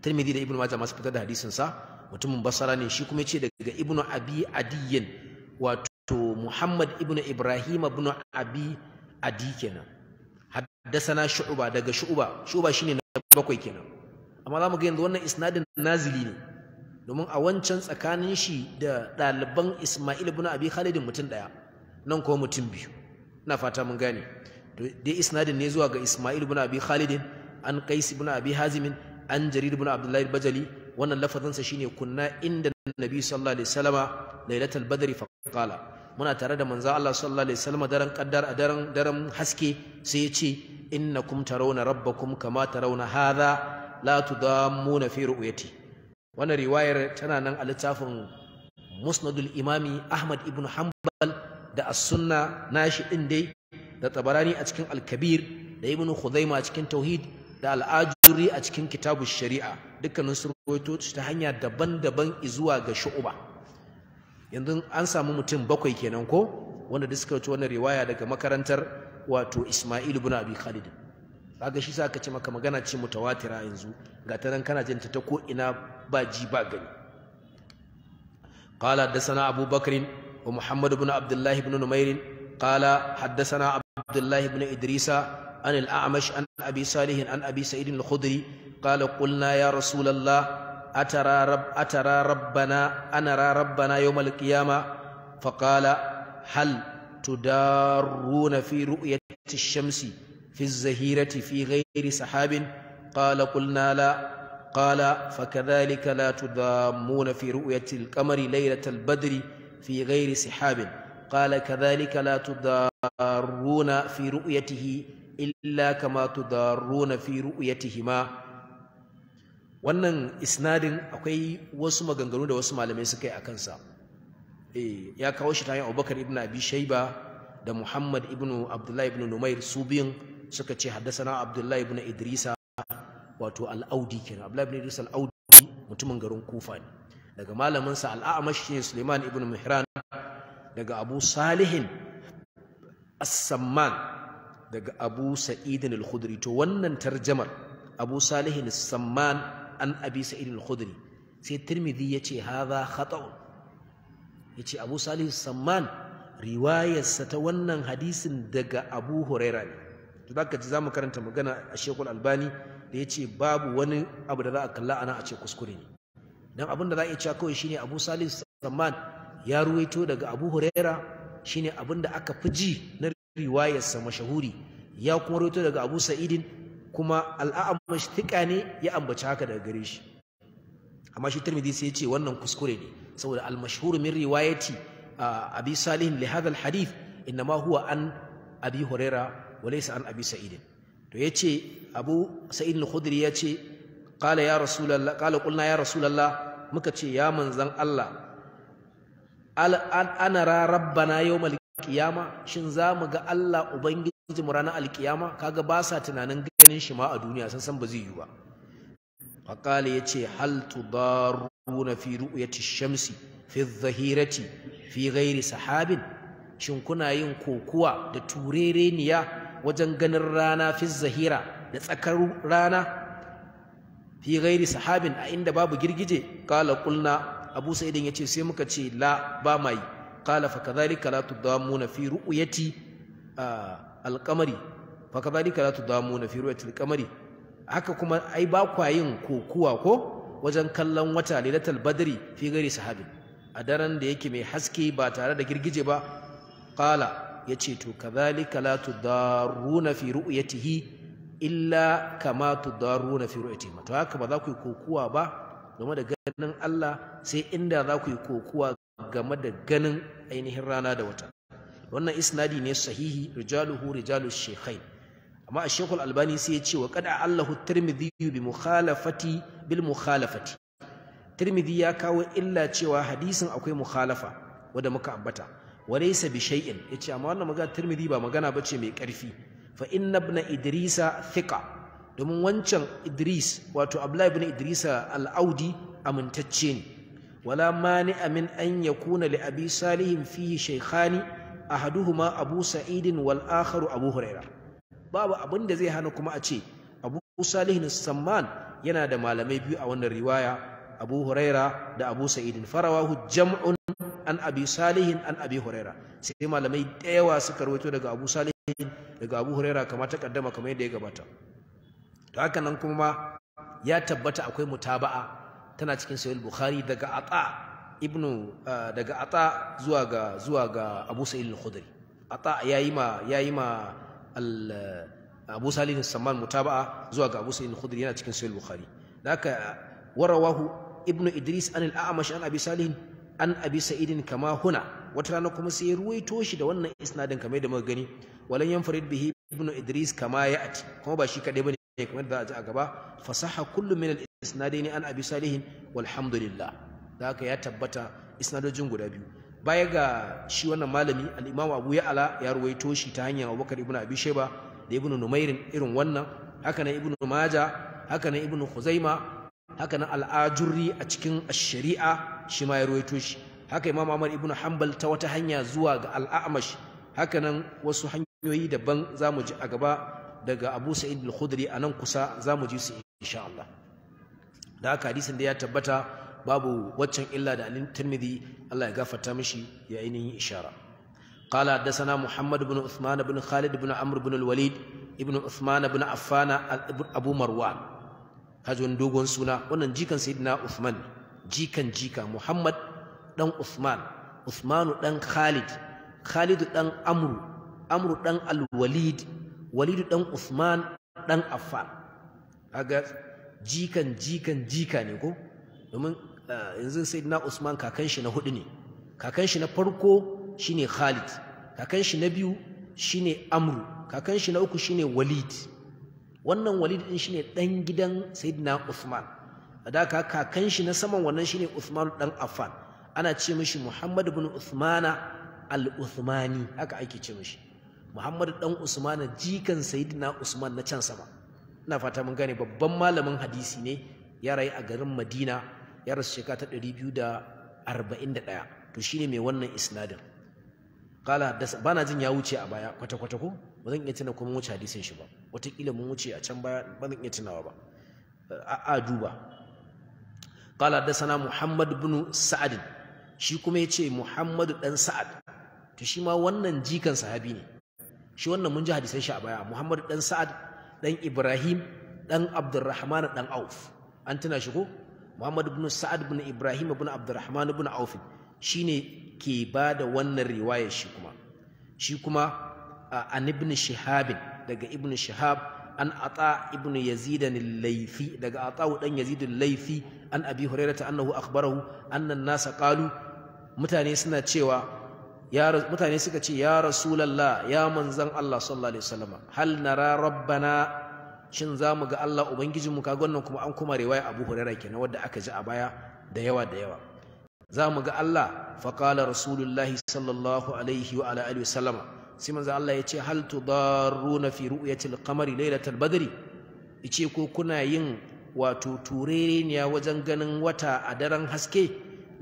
tirmidhi da ibn majah masu fitar da hadisin mutumin basara ne shi kuma ce daga ibn abi adiyyin wato muhammad ibn ibrahim ibn abi adi kenan haddasana shu'ba daga shu'ba shu'ba shine na bakwai kenan amma zamu ga yanzu wannan isnadin nazili ne domin a wancan tsakanin shi da daliban Isma'il ibn Abi Khalid mutum daya nan ko mutum biyu ina fata mun gane to dai isnadin ne zuwa ga Isma'il ibn Abi Khalid an Qais ibn Abi Hazim an Jarir ibn Abdullah al-Bajali wannan lafazin sa shine kunna inda Nabi sallallahu alaihi wasallama lailatul badri fa qala muna tare da manzo Allah sallallahu alaihi wasallama daren qaddar a daren daren haske sai ya ce innakum tarawna rabbakum kama tarawna hadha la tudammuna fi ru'yati wannan riwayar tana nan a littafin musnadul imami ahmad ibn hanbal da as-sunna nashi din dai da tabarani a cikin al-kabir da ibn khuzaima a cikin tauhid da al-ajuri a cikin kitabu shari'a dukkanin su rawaito ta hanya daban-daban zuwa ga shu'uba yanzu an samu mutum bakwai kenan ko wanda duk suka wannan riwaya daga makarantar wato Isma'il ibn Abi Khalid kaga shi sa ka ce maka magana ce mutawatira yanzu ga ta nan kana jin ta ko ina ba ji ba gani قال حدثنا أبو بكر ومحمد بن عبد الله بن نمير قال حدثنا عبد الله بن إدريس عن الأعمش عن أبي صالح عن أبي سعيد الخدري قال قلنا يا رسول الله أترى, رب أترى ربنا أنرى ربنا يوم القيامة فقال هل تدارون في رؤية الشمس في الزهيرة في غير سحاب قال قلنا لا قال فكذلك لا تدامون في رؤية القمر ليلة البدر في غير سحاب قال كذلك لا تدارون في رؤيته إلا كما تدارون في رؤيتهما wannan isnadin akwai wasu maganganu da wasu malamai suka yi Eh, ya kawo shi ta yin abubakar ibn abi shaiba da muhammad ibn abdullahi ibn numair su biyun suka ce haddasana abdullahi ibn idrisa wato al'audi kenan abdullahi ibn idris al'audi mutumin garin kufa ne daga malaminsa al'amash ne suleiman ibn mihran daga abu salihin as-samman daga abu sa'idin al-khudri to wannan tarjamar abu salihin as-samman an abi sa'idin al-khudri sai tirmidhi ce hadha khata'un yace Abu Salih Samman riwayarsa ta wannan hadisin daga Abu Huraira ne to zaka ji zamu karanta magana a Sheikhul Albani da yace babu wani abu da za a kalla ana a ce kuskure ne dan abin da za a iya cewa kawai shine Abu Salih Samman ya ruwaito daga Abu Huraira shine abin da aka fi ji na riwayarsa mashahuri ya kuma ruwaito daga Abu Sa'idin kuma al'amashi tika ne ya ambaci haka daga gare shi amma shi Tirmidhi sai ya ce wannan kuskure ne saboda al min riwayati ah, abi salih li hadha al-hadith inma huwa an abi huraira wa laysa an abi sa'id to yace abu sa'id al-khudri yace qala ya rasulullah qala qulna ya rasulullah muka ce ya manzan Allah ana ra rabbana yawmal qiyama shin za mu ga Allah ubangiji mu ranar alkiyama kaga ba sa tunanin ganin shi ma a duniya san san ba zai yi ba faqala yace hal tudar shamsi fi dhahirati shin kuna yin kokuwa da turereniya wajen ganin rana da tsakar rana fi a inda babu girgije qala qulna abu sa'idin yace sai muka ce la ba mai qala fa kadhalika la tudamuna fi ru'yati alqamari fa kadhalika la tudamuna fi haka kuma ai ba yin kokuwa ko wajen kallon wata lilatal badri fi gari sahabi a daren da yake mai haske ba tare da girgije ba ya ce to kadhalika la tudarruna fi ru'yatihi illa kama firu fi ru'yatihi to haka ba za ku yi kokuwa ba game da ganin Allah sai inda za ku yi kokuwa game da ganin ainihin rana da wata wannan isnadi ne sahihi rijaluhu rijalu shaykhain amma a al albani sai ya ce wa kada allahu tirmidhi bi mukhalafati bil mukhalafati tirmidhi ya kawo illa cewa hadisin akwai mukhalafa wanda muka ambata wa laysa bi shay'in yace amma wannan magana tirmidhi ba magana bace mai karfi fa inna ibn idrisa thiqa domin wancan idris wato abdullahi ibn idrisa al-audi amintacce ne wala mani amin an yakuna li abi salihin fihi shaykhani ahaduhuma abu sa'idin wal akharu abu hurairah babu abin da zai hana kuma a ce abu salih samman yana da malamai biyu a wannan riwaya abu huraira da abu sa'idin farawahu jam'un an abi salihin an abi huraira sai malamai da yawa suka rawaito daga abu salihin daga abu huraira kamar ta kaddama kamar yadda ya gabata to haka nan kuma ya tabbata akwai mutaba'a tana cikin sahih bukhari daga ata ibnu eh, daga ata zuwa ga zuwa ga abu sa'id al-khudri ata yayi ma yayi ma Uh, Abu salihin Samman mutaba'a zuwa ga Abu salihin Khudri yana cikin Sahih Bukhari haka uh, warawahu ibnu Idris an al-A'mash an Abi Salih an Abi Sa'id kama huna wata rana kuma sai ruwaito shi da wannan isnadin kamar da muka gani walan yanfarid bihi ibnu Idris kama ya'ti kuma ba shi kadai bane kamar da za a ji a gaba fasaha kullu min al-isnadaini an Abi Salih walhamdulillah da haka ya tabbata isnadojin guda biyu baya ga shi wannan malami al-Imam Abu Ya'la ya ruwaito shi ta hanyar Abubakar ibn Abi Shayba da ibn Numair irin wannan haka nan ibn Majah haka nan ibn Khuzaima haka nan al a cikin ash-Shari'a shi ma ya ruwaito shi haka Imam Ahmad ibn Hambal ta wata hanya zuwa ga al-A'mash haka nan wasu hanyoyi daban zamu ji a gaba daga Abu Sa'id al-Khudri nan kusa zamu ji su insha Allah da haka hadisin da ya tabbata babu waccan illa da alin tirmidhi Allah ya gafarta mishi ya ainihin ishara قال muhammad ibn usman ibn khalid ibn amr ibn بن الوليد ابن عثمان بن عفان Abu marwan هاجون Dogon suna, wannan jikan sayyidina Usman, jikan jika Muhammad dan Usman, Usmanu dan Khalid Khalid dan Amru Amru dan Al-Walid Walid dan Usman dan Affan kaga jikan jikan jika ne ko domin Eh, yanzu na Usman kakan shi na hudu ne kakan shi na farko shine Khalid kakan shi na biyu shine Amru kakan shi na uku shine Walid wannan Walid din shine dan gidan sayyidina Usman da kakan shi na saman wannan shine Usman dan Affan ana ce mishi Muhammad bin Usmana al Usmani haka ake ce mishi Muhammad dan Usmana jikan sayyidina Usman na can sama ina fata mun gane babban malamin hadisi ne ya rayu a garin Madina ya rasu shekara ta ɗaya. to shi ne mai wannan isnadin kala bana jin ya wuce a baya kwata kwata ko ba zan iya tuna kuma wuce hadisin shi ba wataƙila mun wuce a can baya ba zan iya tunawa ba a duba kala sana muhammad bin sa'ad shi kuma ya ce muhammad dan sa'ad to shi ma wannan jikan sahabi ne shi wannan mun ji hadisan shi a baya muhammad dan sa'ad dan ibrahim dan abdurrahman dan auf an tuna shi ko Muhammad ibn Sa'ad ibn Ibrahim ibn Abdurrahman ibn Auf shine ke bada wannan riwayar shi kuma shi kuma an ibn Shihab daga ibn Shihab an ata ibn Yazid al-Laythi daga ata dan Yazid al-Laythi an Abi Hurairah annahu akhbarahu anna an-nas qalu mutane suna cewa ya mutane suka ce ya rasulullah ya manzon Allah sallallahu alaihi wasallam hal nara rabbana shin za mu ga Allah ubangijinmu kaga wannan kuma an kuma riwaya Abu Hurairah kenan wanda aka ji a baya da yawa da yawa za mu ga Allah qala rasulullahi sallallahu alaihi wa ala alihi wasallama sai manzo Allah ya ce hal tudarruna fi ru'yatil qamari lailatal badri ice ko kuna yin wato turereniya wajen ganin wata a daren haske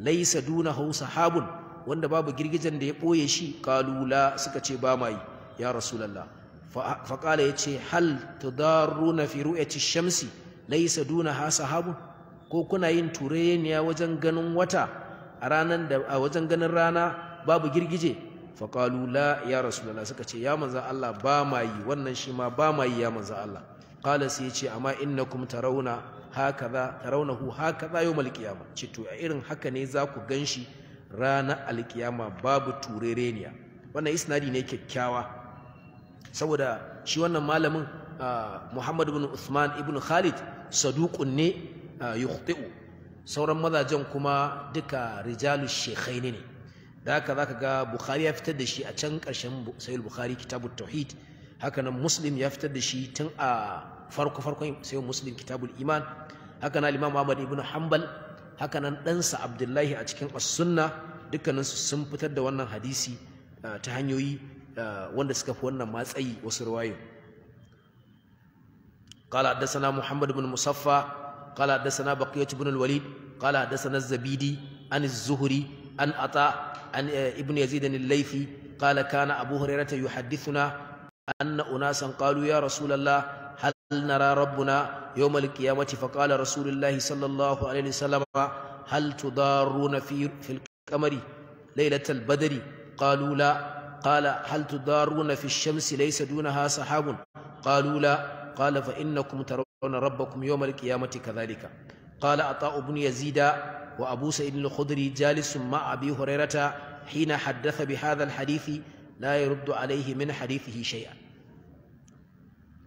laisa dunahu sahabun wanda babu girgijen da ya ɓoye shi kalula suka ce ba mai ya rasulullahi faƙala ya ce hal tudarruna fi ru'yati shamsi laisa duna ha sahabu ko kuna yin turayeniya wajen ganin wata a ranan da a wajen ganin rana babu girgije faƙalu la ya rasulullah suka ce ya manzo Allah ba ma yi wannan shi ma ba ma yi ya manzo Allah qala sai ya ce amma innakum tarawna hakaza tarawnahu hakaza yawmal qiyamah ce to a irin haka ne za ku ganshi ranar alkiyama babu turereniya wannan isnadi ne kyakkyawa saboda shi wannan malamin Muhammad ibn Uthman ibn Khalid saduqun ne yukhti'u sauran mazajen kuma duka rijalu shekhaini ne da haka zaka ga Bukhari ya fitar da shi a can ƙarshen Sahih Bukhari kitabut tauhid haka nan Muslim ya fitar da shi tun a farko farkon Sahih Muslim kitabul iman haka nan Imam Ahmad ibn Hanbal haka nan ɗansa Abdullahi a cikin as-sunna dukkaninsu sun fitar da wannan hadisi ta hanyoyi wanda suka fi wannan matsayi wasu ruwayo قال حدثنا محمد بن مصفى قال حدثنا بقية بن الوليد قال حدثنا الزبيدي عن الزهري عن عطاء عن ابن يزيد الليثي قال كان أبو هريرة يحدثنا أن أناسا قالوا يا رسول الله هل نرى ربنا يوم القيامة فقال رسول الله صلى الله عليه وسلم هل تضارون في في القمر ليلة البدر قالوا لا قال هل تدارون في الشمس ليس دونها سحاب قالوا لا قال فإنكم ترون ربكم يوم القيامة كذلك قال عطاء بن يزيد وأبو سعيد الخدري جالس مع أبي هريرة حين حدث بهذا الحديث لا يرد عليه من حديثه شيئا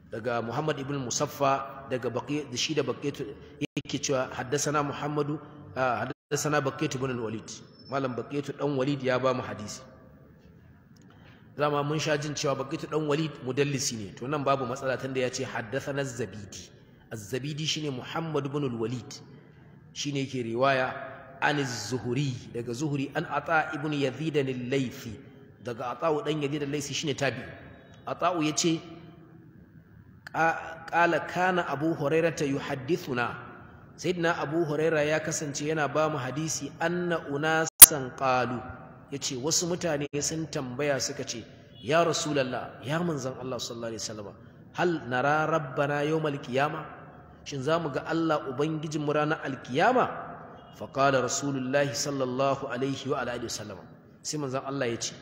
daga Muhammad ibn Musaffa daga baqi da shi da baqetu yake cewa haddathana Muhammadu haddathana baqetu ibn al-Walid malam baqetu dan Walid ya ba mu hadisi zama mun sha jin cewa bakitu dan walid mudallisi ne to nan babu matsala tunda ya ce haddathana az-zabidi az-zabidi shine muhammad ibn al-walid shine yake riwaya an az-zuhri daga zuhri an ata ibn yazid al-laythi daga ata dan yazid al-laythi shine tabi ata yace qala kana abu hurairata yuhaddithuna sayyidina abu huraira ya kasance yana ba mu hadisi anna unasan qalu yace wasu mutane sun tambaya suka ce ya rasulullah ya manzon Allah sallallahu alaihi wasallam hal nara rabbana yawmal qiyama shin zamu ga Allah ubangijin mu ranar alkiyama fa qala sallallahu alaihi wa alihi wasallam sai manzon Allah yace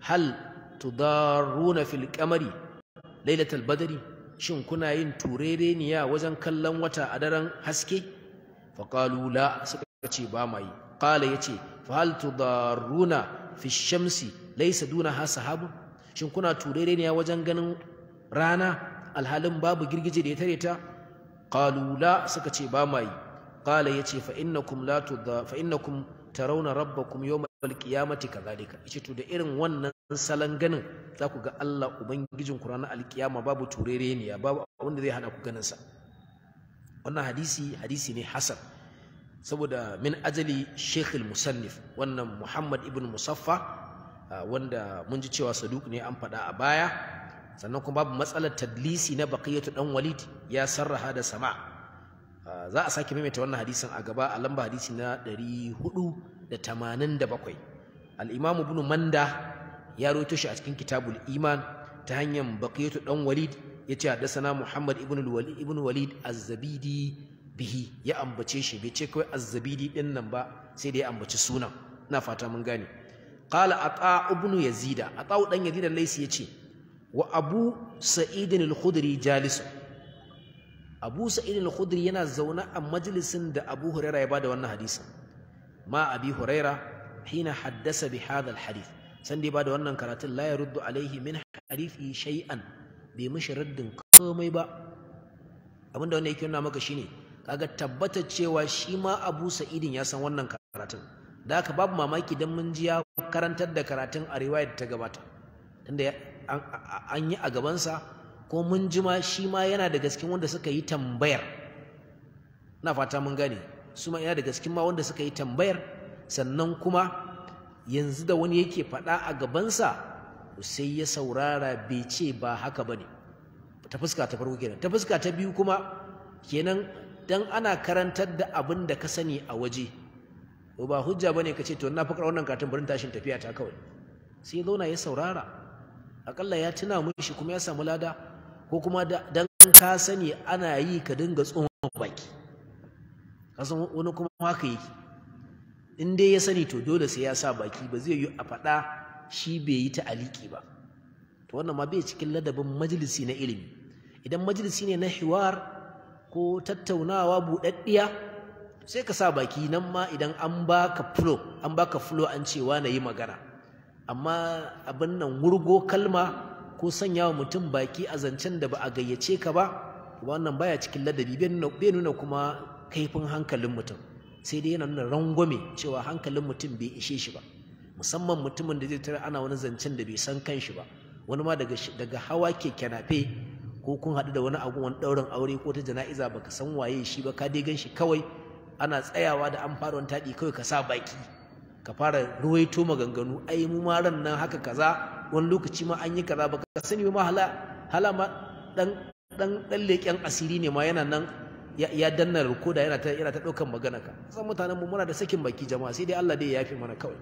hal tudaruna fil qamari lailatul badri shin kuna yin turereniya wajen kallon wata a daren haske faqalu la suka ce ba mai qala yace fahal tudaruna fi shamsi laysa ha sahabu shin kuna turere ne wajen ganin rana alhalin babu girgije da ya tare ta qalu suka ce ba mai qala yace fa innakum la tudha fa innakum tarawna rabbakum yawma alqiyamati kadhalika yace to da irin wannan salan ganin za ku ga Allah ubangijin ku ranar alkiyama babu turere ne babu abin da zai hana ku ganin sa wannan hadisi hadisi ne hasan saboda min ajali sheikh musannif wannan muhammad ibn musaffa ah, wanda mun ji cewa saduk ne an faɗa a baya sannan kuma babu matsalar tadlisi na baqiyatu dan walid ya sarraha da sama ah, za a sake maimaita wannan hadisin a gaba a lamba hadisi na ɗari hudu da tamanin da al Al'imamu ibn manda ya roto shi a cikin kitabul iman ta hanyar baqiyatu dan walid ya ce haddasa na Muhammad ibn walid az-zabidi bihi ya ambace shi bai ce kawai azzabidi din nan ba sai da ya ambaci sunan ina fata mun gane qala aqa ibnu yazida aqa dan yazida laysi yace wa abu sa'id al-khudri jalis abu sa'id al-khudri yana zaune a majalisin da abu huraira ya bada wannan hadisin ma abi huraira hina haddasa bi hadha al-hadith san da bada wannan karatun la yaruddu alaihi min hadithi shay'an bai mishi raddin komai ba abinda wannan yake nuna maka shine kaga tabbata cewa shi ma Abu Sa'idin ya san wannan karatun da haka babu mamaki dan mun ji ya karantar da karatun a riwayar ta gabata tunda an yi a gabansa ko mun ji ma shi ma yana da gaskin wanda suka yi tambayar na fata mun gane su ma yana da gaskin ma wanda suka yi tambayar sannan kuma yanzu da wani yake faɗa a gabansa sai ya saurara bai ce ba haka ba ne ta fuska ta farko kenan ta fuska ta biyu kuma kenan dan ana karantar da abin da ka sani a waje ba hujja bane ka ce to na fakar wannan katin barin tashin tafiya ta kawai sai zauna ya saurara akalla ya tuna mushi kuma ya samu lada ko kuma dan ka sani ana yi ka dinga tsohon baki kasan wani kuma haka yake in dai ya sani to dole sai ya sa baki ba zai yi a faɗa shi bai yi ta aliki ba to wannan ma bai cikin ladabin majalisi na ilimi idan majalisi ne na hiwar ko tattaunawa buɗaɗɗiya sai ka sa baki nan ma idan an baka fulo an ka fulo an cewa na yi magana amma abin nan wurgo kalma ko sanya wa mutum baki a zancen da ba a gayyace ka ba wannan baya cikin ladabi bai nuna kuma kaifin hankalin mutum sai dai yana nuna rangwame cewa hankalin mutum bai ishe shi ba musamman mutumin da zai tara ana wani zancen da bai san kan shi ba wani ma daga hawa keke nafe ko kun haɗu da wani abu wani ɗaurin aure ko ta jana'iza baka san waye shi ba ka dai gan shi kawai ana tsayawa da an fara wani taɗi kawai ka sa baki ka fara ruwaito maganganu ai mu ma ran nan haka kaza wani lokaci ma an yi kaza baka sani ma hala hala ma dan dan dan leƙen asiri ne ma yana nan ya danna da yana ta yana ta ɗaukan magana ka san mutanen mu muna da sakin baki jama'a sai dai Allah dai ya yafe mana kawai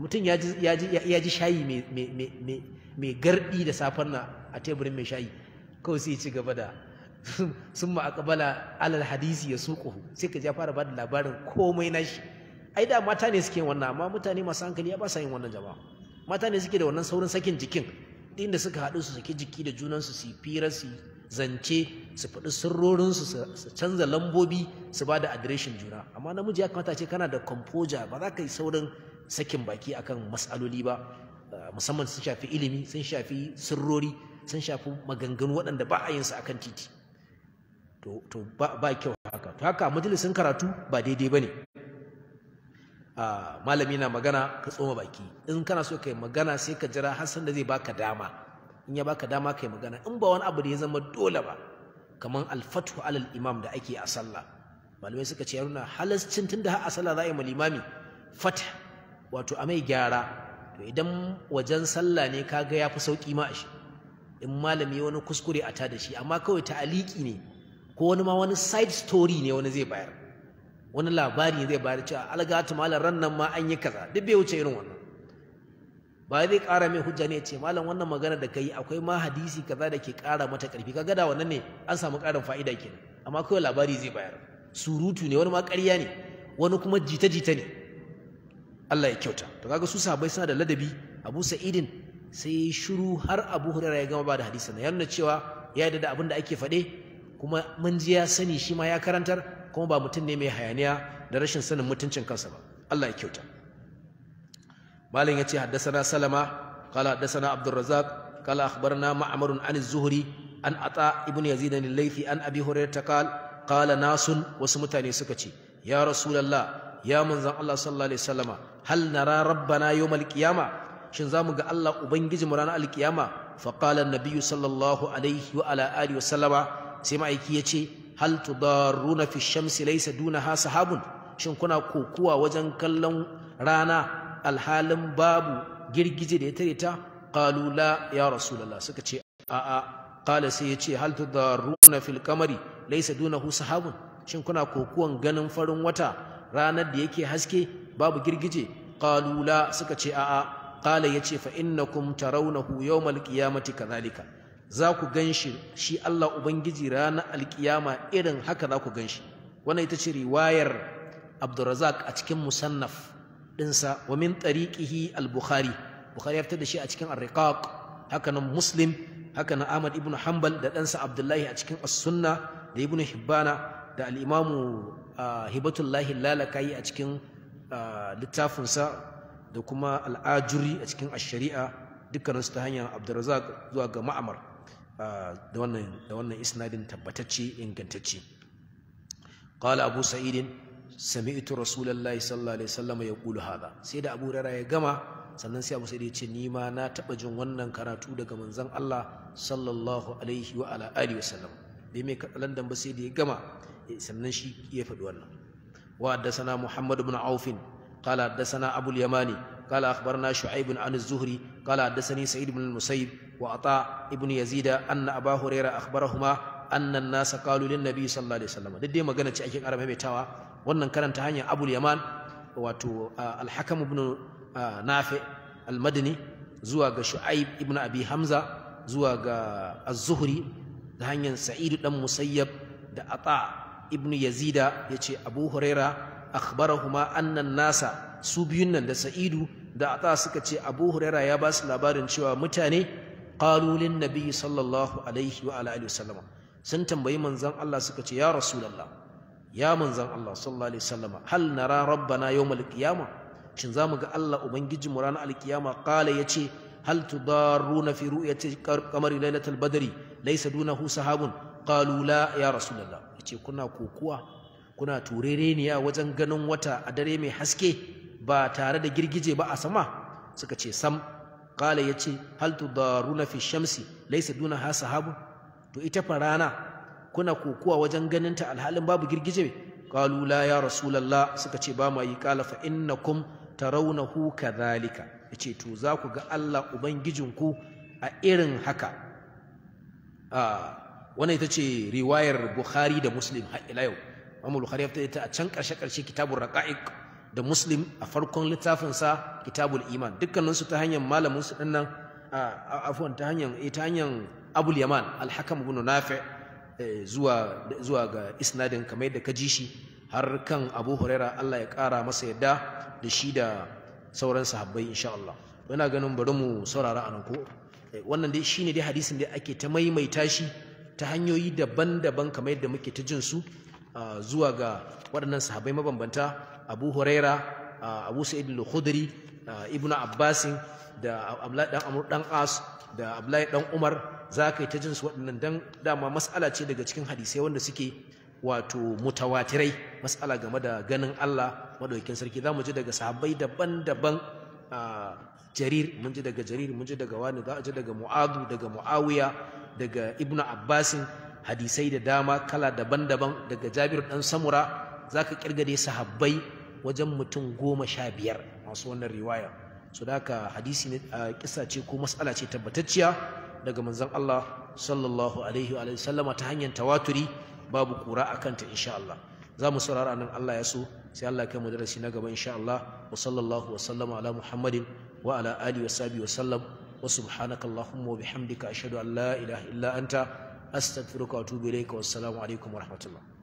mutum ya ji ya ji shayi mai mai mai mai gardi da safen nan a teburin mai shayi kawai sai ci gaba da sun ma'aƙabala alal hadisi ya suƙuhu sai ka ja fara ba da labarin komai nashi ai da mata ne suke wannan amma mutane masu hankali ya ba sa yin wannan jama'a mata ne suke da wannan saurin sakin jikin da suka haɗu su saki jiki da junansu su fira su zance su faɗi sirrorinsu su canza lambobi su ba da adireshin juna amma namiji ya kamata ce kana da kwamfoja ba za ka yi saurin sakin baki akan masaloli ba ah, musamman sun shafi ilimi sun shafi sirrori sun shafi maganganu waɗanda ba a yin su akan titi to ba kyau haka to haka majalisin karatu ba daidai bane a malami na magana ka tsoma baki in kana so ka yi magana sai ka jira Hassan da zai baka dama in ya baka dama kai magana in ba wani abu da ya zama dole ba kamar alfatu alal imam da ake a sallah malamai suka ce yaruna halascin tunda har a sallah za a yi limami fata wato a mai gyara to idan wajen sallah ne kaga ya fi sauƙi ma a shi in malami wani kuskure a ta da shi amma kawai ta'aliki ne ko wani ma wani side story ne wani zai bayar wani labari zai bayar cewa algatu malam ran nan ma an yi kaza duk bai wuce irin wannan ba zai ƙara mai hujja ne ce malam wannan magana da kai akwai ma hadisi kaza da ke kara mata ƙarfi kaga da wannan ne an samu karin fa'ida kenan amma kawai labari zai bayar surutu ne wani ma ƙarya ne wani kuma jita-jita ne Allah ya kyauta to kaga su sabai suna da ladabi Abu Sa'idin sai ya yi shuru har abu hurara ya gama ba da hadisa ya nuna cewa ya da abin da ake faɗe kuma mun ji ya sani shi ma ya karantar kuma ba mutum ne mai hayaniya da rashin sanin mutuncin kansa ba Allah ya kyauta malam ya ce haddasana salama qala haddasana abdurrazzaq qala akhbarna ma'mar an az-zuhri an ata ibnu yazid an laifi an abi hurairah qala qala nasun wasu mutane suka ce ya rasulullah ya manzon Allah sallallahu alaihi wasallama hal na rabbana yawmal qiyamah shin za mu ga Allah ubangiji mu ranar alkiyama fa Nabiyu, sallallahu alaihi wa ala wasallama sai ma'aiki yace hal tudarruna fi shamsi duna ha sahabun shin kuna kokuwa wajen kallon rana alhalin babu girgije da ya tare ta ƙalula, ya rasulallah, suka ce a'a Ƙala sai yace hal tudarruna fil laisa duna hu sahabun shin kuna kokuwan ganin farin wata ranar da yake haske babu girgije Ƙalula suka ce a'a qala yace fa innakum tarawnahu yawmal qiyamati kadhalika za ku ganshi shi Allah ubangiji ranar alkiyama irin haka za ku ganshi wannan ita ce riwayar Abdurrazzaq a cikin musannaf dinsa wa min tariqihi al-Bukhari Bukhari ya da shi a cikin Ar-Riqaq haka nan Muslim haka nan Ahmad ibn Hanbal da ɗansa Abdullahi a cikin As-Sunna da Ibn Hibbana da al-Imam ah, Hibatullahi Lalakayi a cikin ah, littafinsa da kuma al'ajuri a cikin ashari'a dukkaninsu ta hanyar abdurrazak zuwa ga ma'amar da wannan isnadin tabbatacce ingantacce qala abu sa'idin sami'tu rasulullahi sallallahu alaihi wasallam yaqulu hada sai da abu rara ya gama sannan sai abu sa'id ya ce ni ma na taba jin wannan karatu daga manzon Allah sallallahu alaihi wa ala alihi wasallam bai mai landan ba sai da ya gama sannan shi ya faɗi wannan wa haddasa Muhammad ibn Aufin قال حدثنا ابو اليماني قال اخبرنا شعيب عن الزهري قال حدثني سعيد بن المسيب واطاع ابن يزيد ان ابا هريره اخبرهما ان الناس قالوا للنبي صلى الله عليه وسلم ددي magana ce ake karama mai tawa wannan karanta hanyar abul yaman wato al-hakam ibn nafi al-madani zuwa ga shu'aib ibn abi hamza zuwa ga az-zuhri da hanyar sa'id dan musayyab da ata ibn yazida yace abu huraira akbarahuma annan nasa su biyun nan da sa'idu da ata suka ce abu huraira ya ba su labarin cewa mutane qalulin nabi sallallahu sun tambayi manzon Allah suka ce ya rasulullah ya manzon Allah sallallahu alaihi wasallama hal nara rabbana yawmal qiyamah shin zamu ga Allah ubangiji mu ranar alkiyama qala yace hal tudarruna fi ru'yati qamari lailatul badri laysa dunahu sahabun qalu la ya rasulullah yace kuna kokuwa kuna turereniya wajen ganin wata a dare mai haske ba tare da girgije ba a sama suka ce sam ce yace hal runa fi shamsi duna ha sahabu to ita fa rana kuna kokuwa wajen ganin ta alhalin babu girgije qalu la ya rasulullah suka ce ba mai kala fa innakum tarawnahu kadhalika yace to za ku ga Allah ubangijinku a irin haka a ah, wannan ita ce riwayar Bukhari da Muslim har ila yau Imam Bukhari ya fitar ita a can karshe karshe Kitabul Raqa'iq da Muslim a farkon littafin sa Kitabul Iman dukkanin su ta hanyar malamin su dinnan afwan ta hanyar ita eh, hanyar Abul Yaman Al-Hakam ibn Nafi eh, zuwa zuwa ga isnadin kamar da ka ji shi har kan Abu Huraira Allah ya kara masa yadda da shi da sauran sahabbai insha Allah ina ganin bari mu saurara anan ko eh, wannan dai shine dai hadisin da ake ta maimaita shi ta hanyoyi daban-daban kamar yadda muke ta jin su zuwa ga waɗannan sahabbai mabambanta Abu Huraira Abu Sa'id al-Khudri Ibn Abbas da Abdullahi dan Amr dan As da Abdullahi dan Umar ka yi ta jinsu waɗannan dan dama mas'ala ce daga cikin hadisai wanda suke wato mutawatirai mas'ala game da ganin Allah madaukakin sarki Za mu ji daga sahabbai daban-daban jarir mun ji daga jarir mun ji daga wani za a ji daga mu'adu daga mu'awiya daga ibnu abbasin hadisai da dama kala daban-daban daga Jabir dan Samura zaka kirgade sahabbai wajen mutum goma sha biyar masu wannan riwaya so da hadisi ne kisa ce ko matsala ce tabbatacciya daga manzon Allah sallallahu alaihi wa ta hanyar tawaturi babu kura a kanta insha Allah za mu saurara nan Allah ya so sai Allah kai mu darasi na gaba insha Allah wa sallallahu wa sallama ala Muhammadin wa ala alihi wa sahbihi wa sallam wa subhanakallahumma wa bihamdika ashhadu an la illa anta astaghfiruka wa atubu ilayka assalamu alaikum wa rahmatullah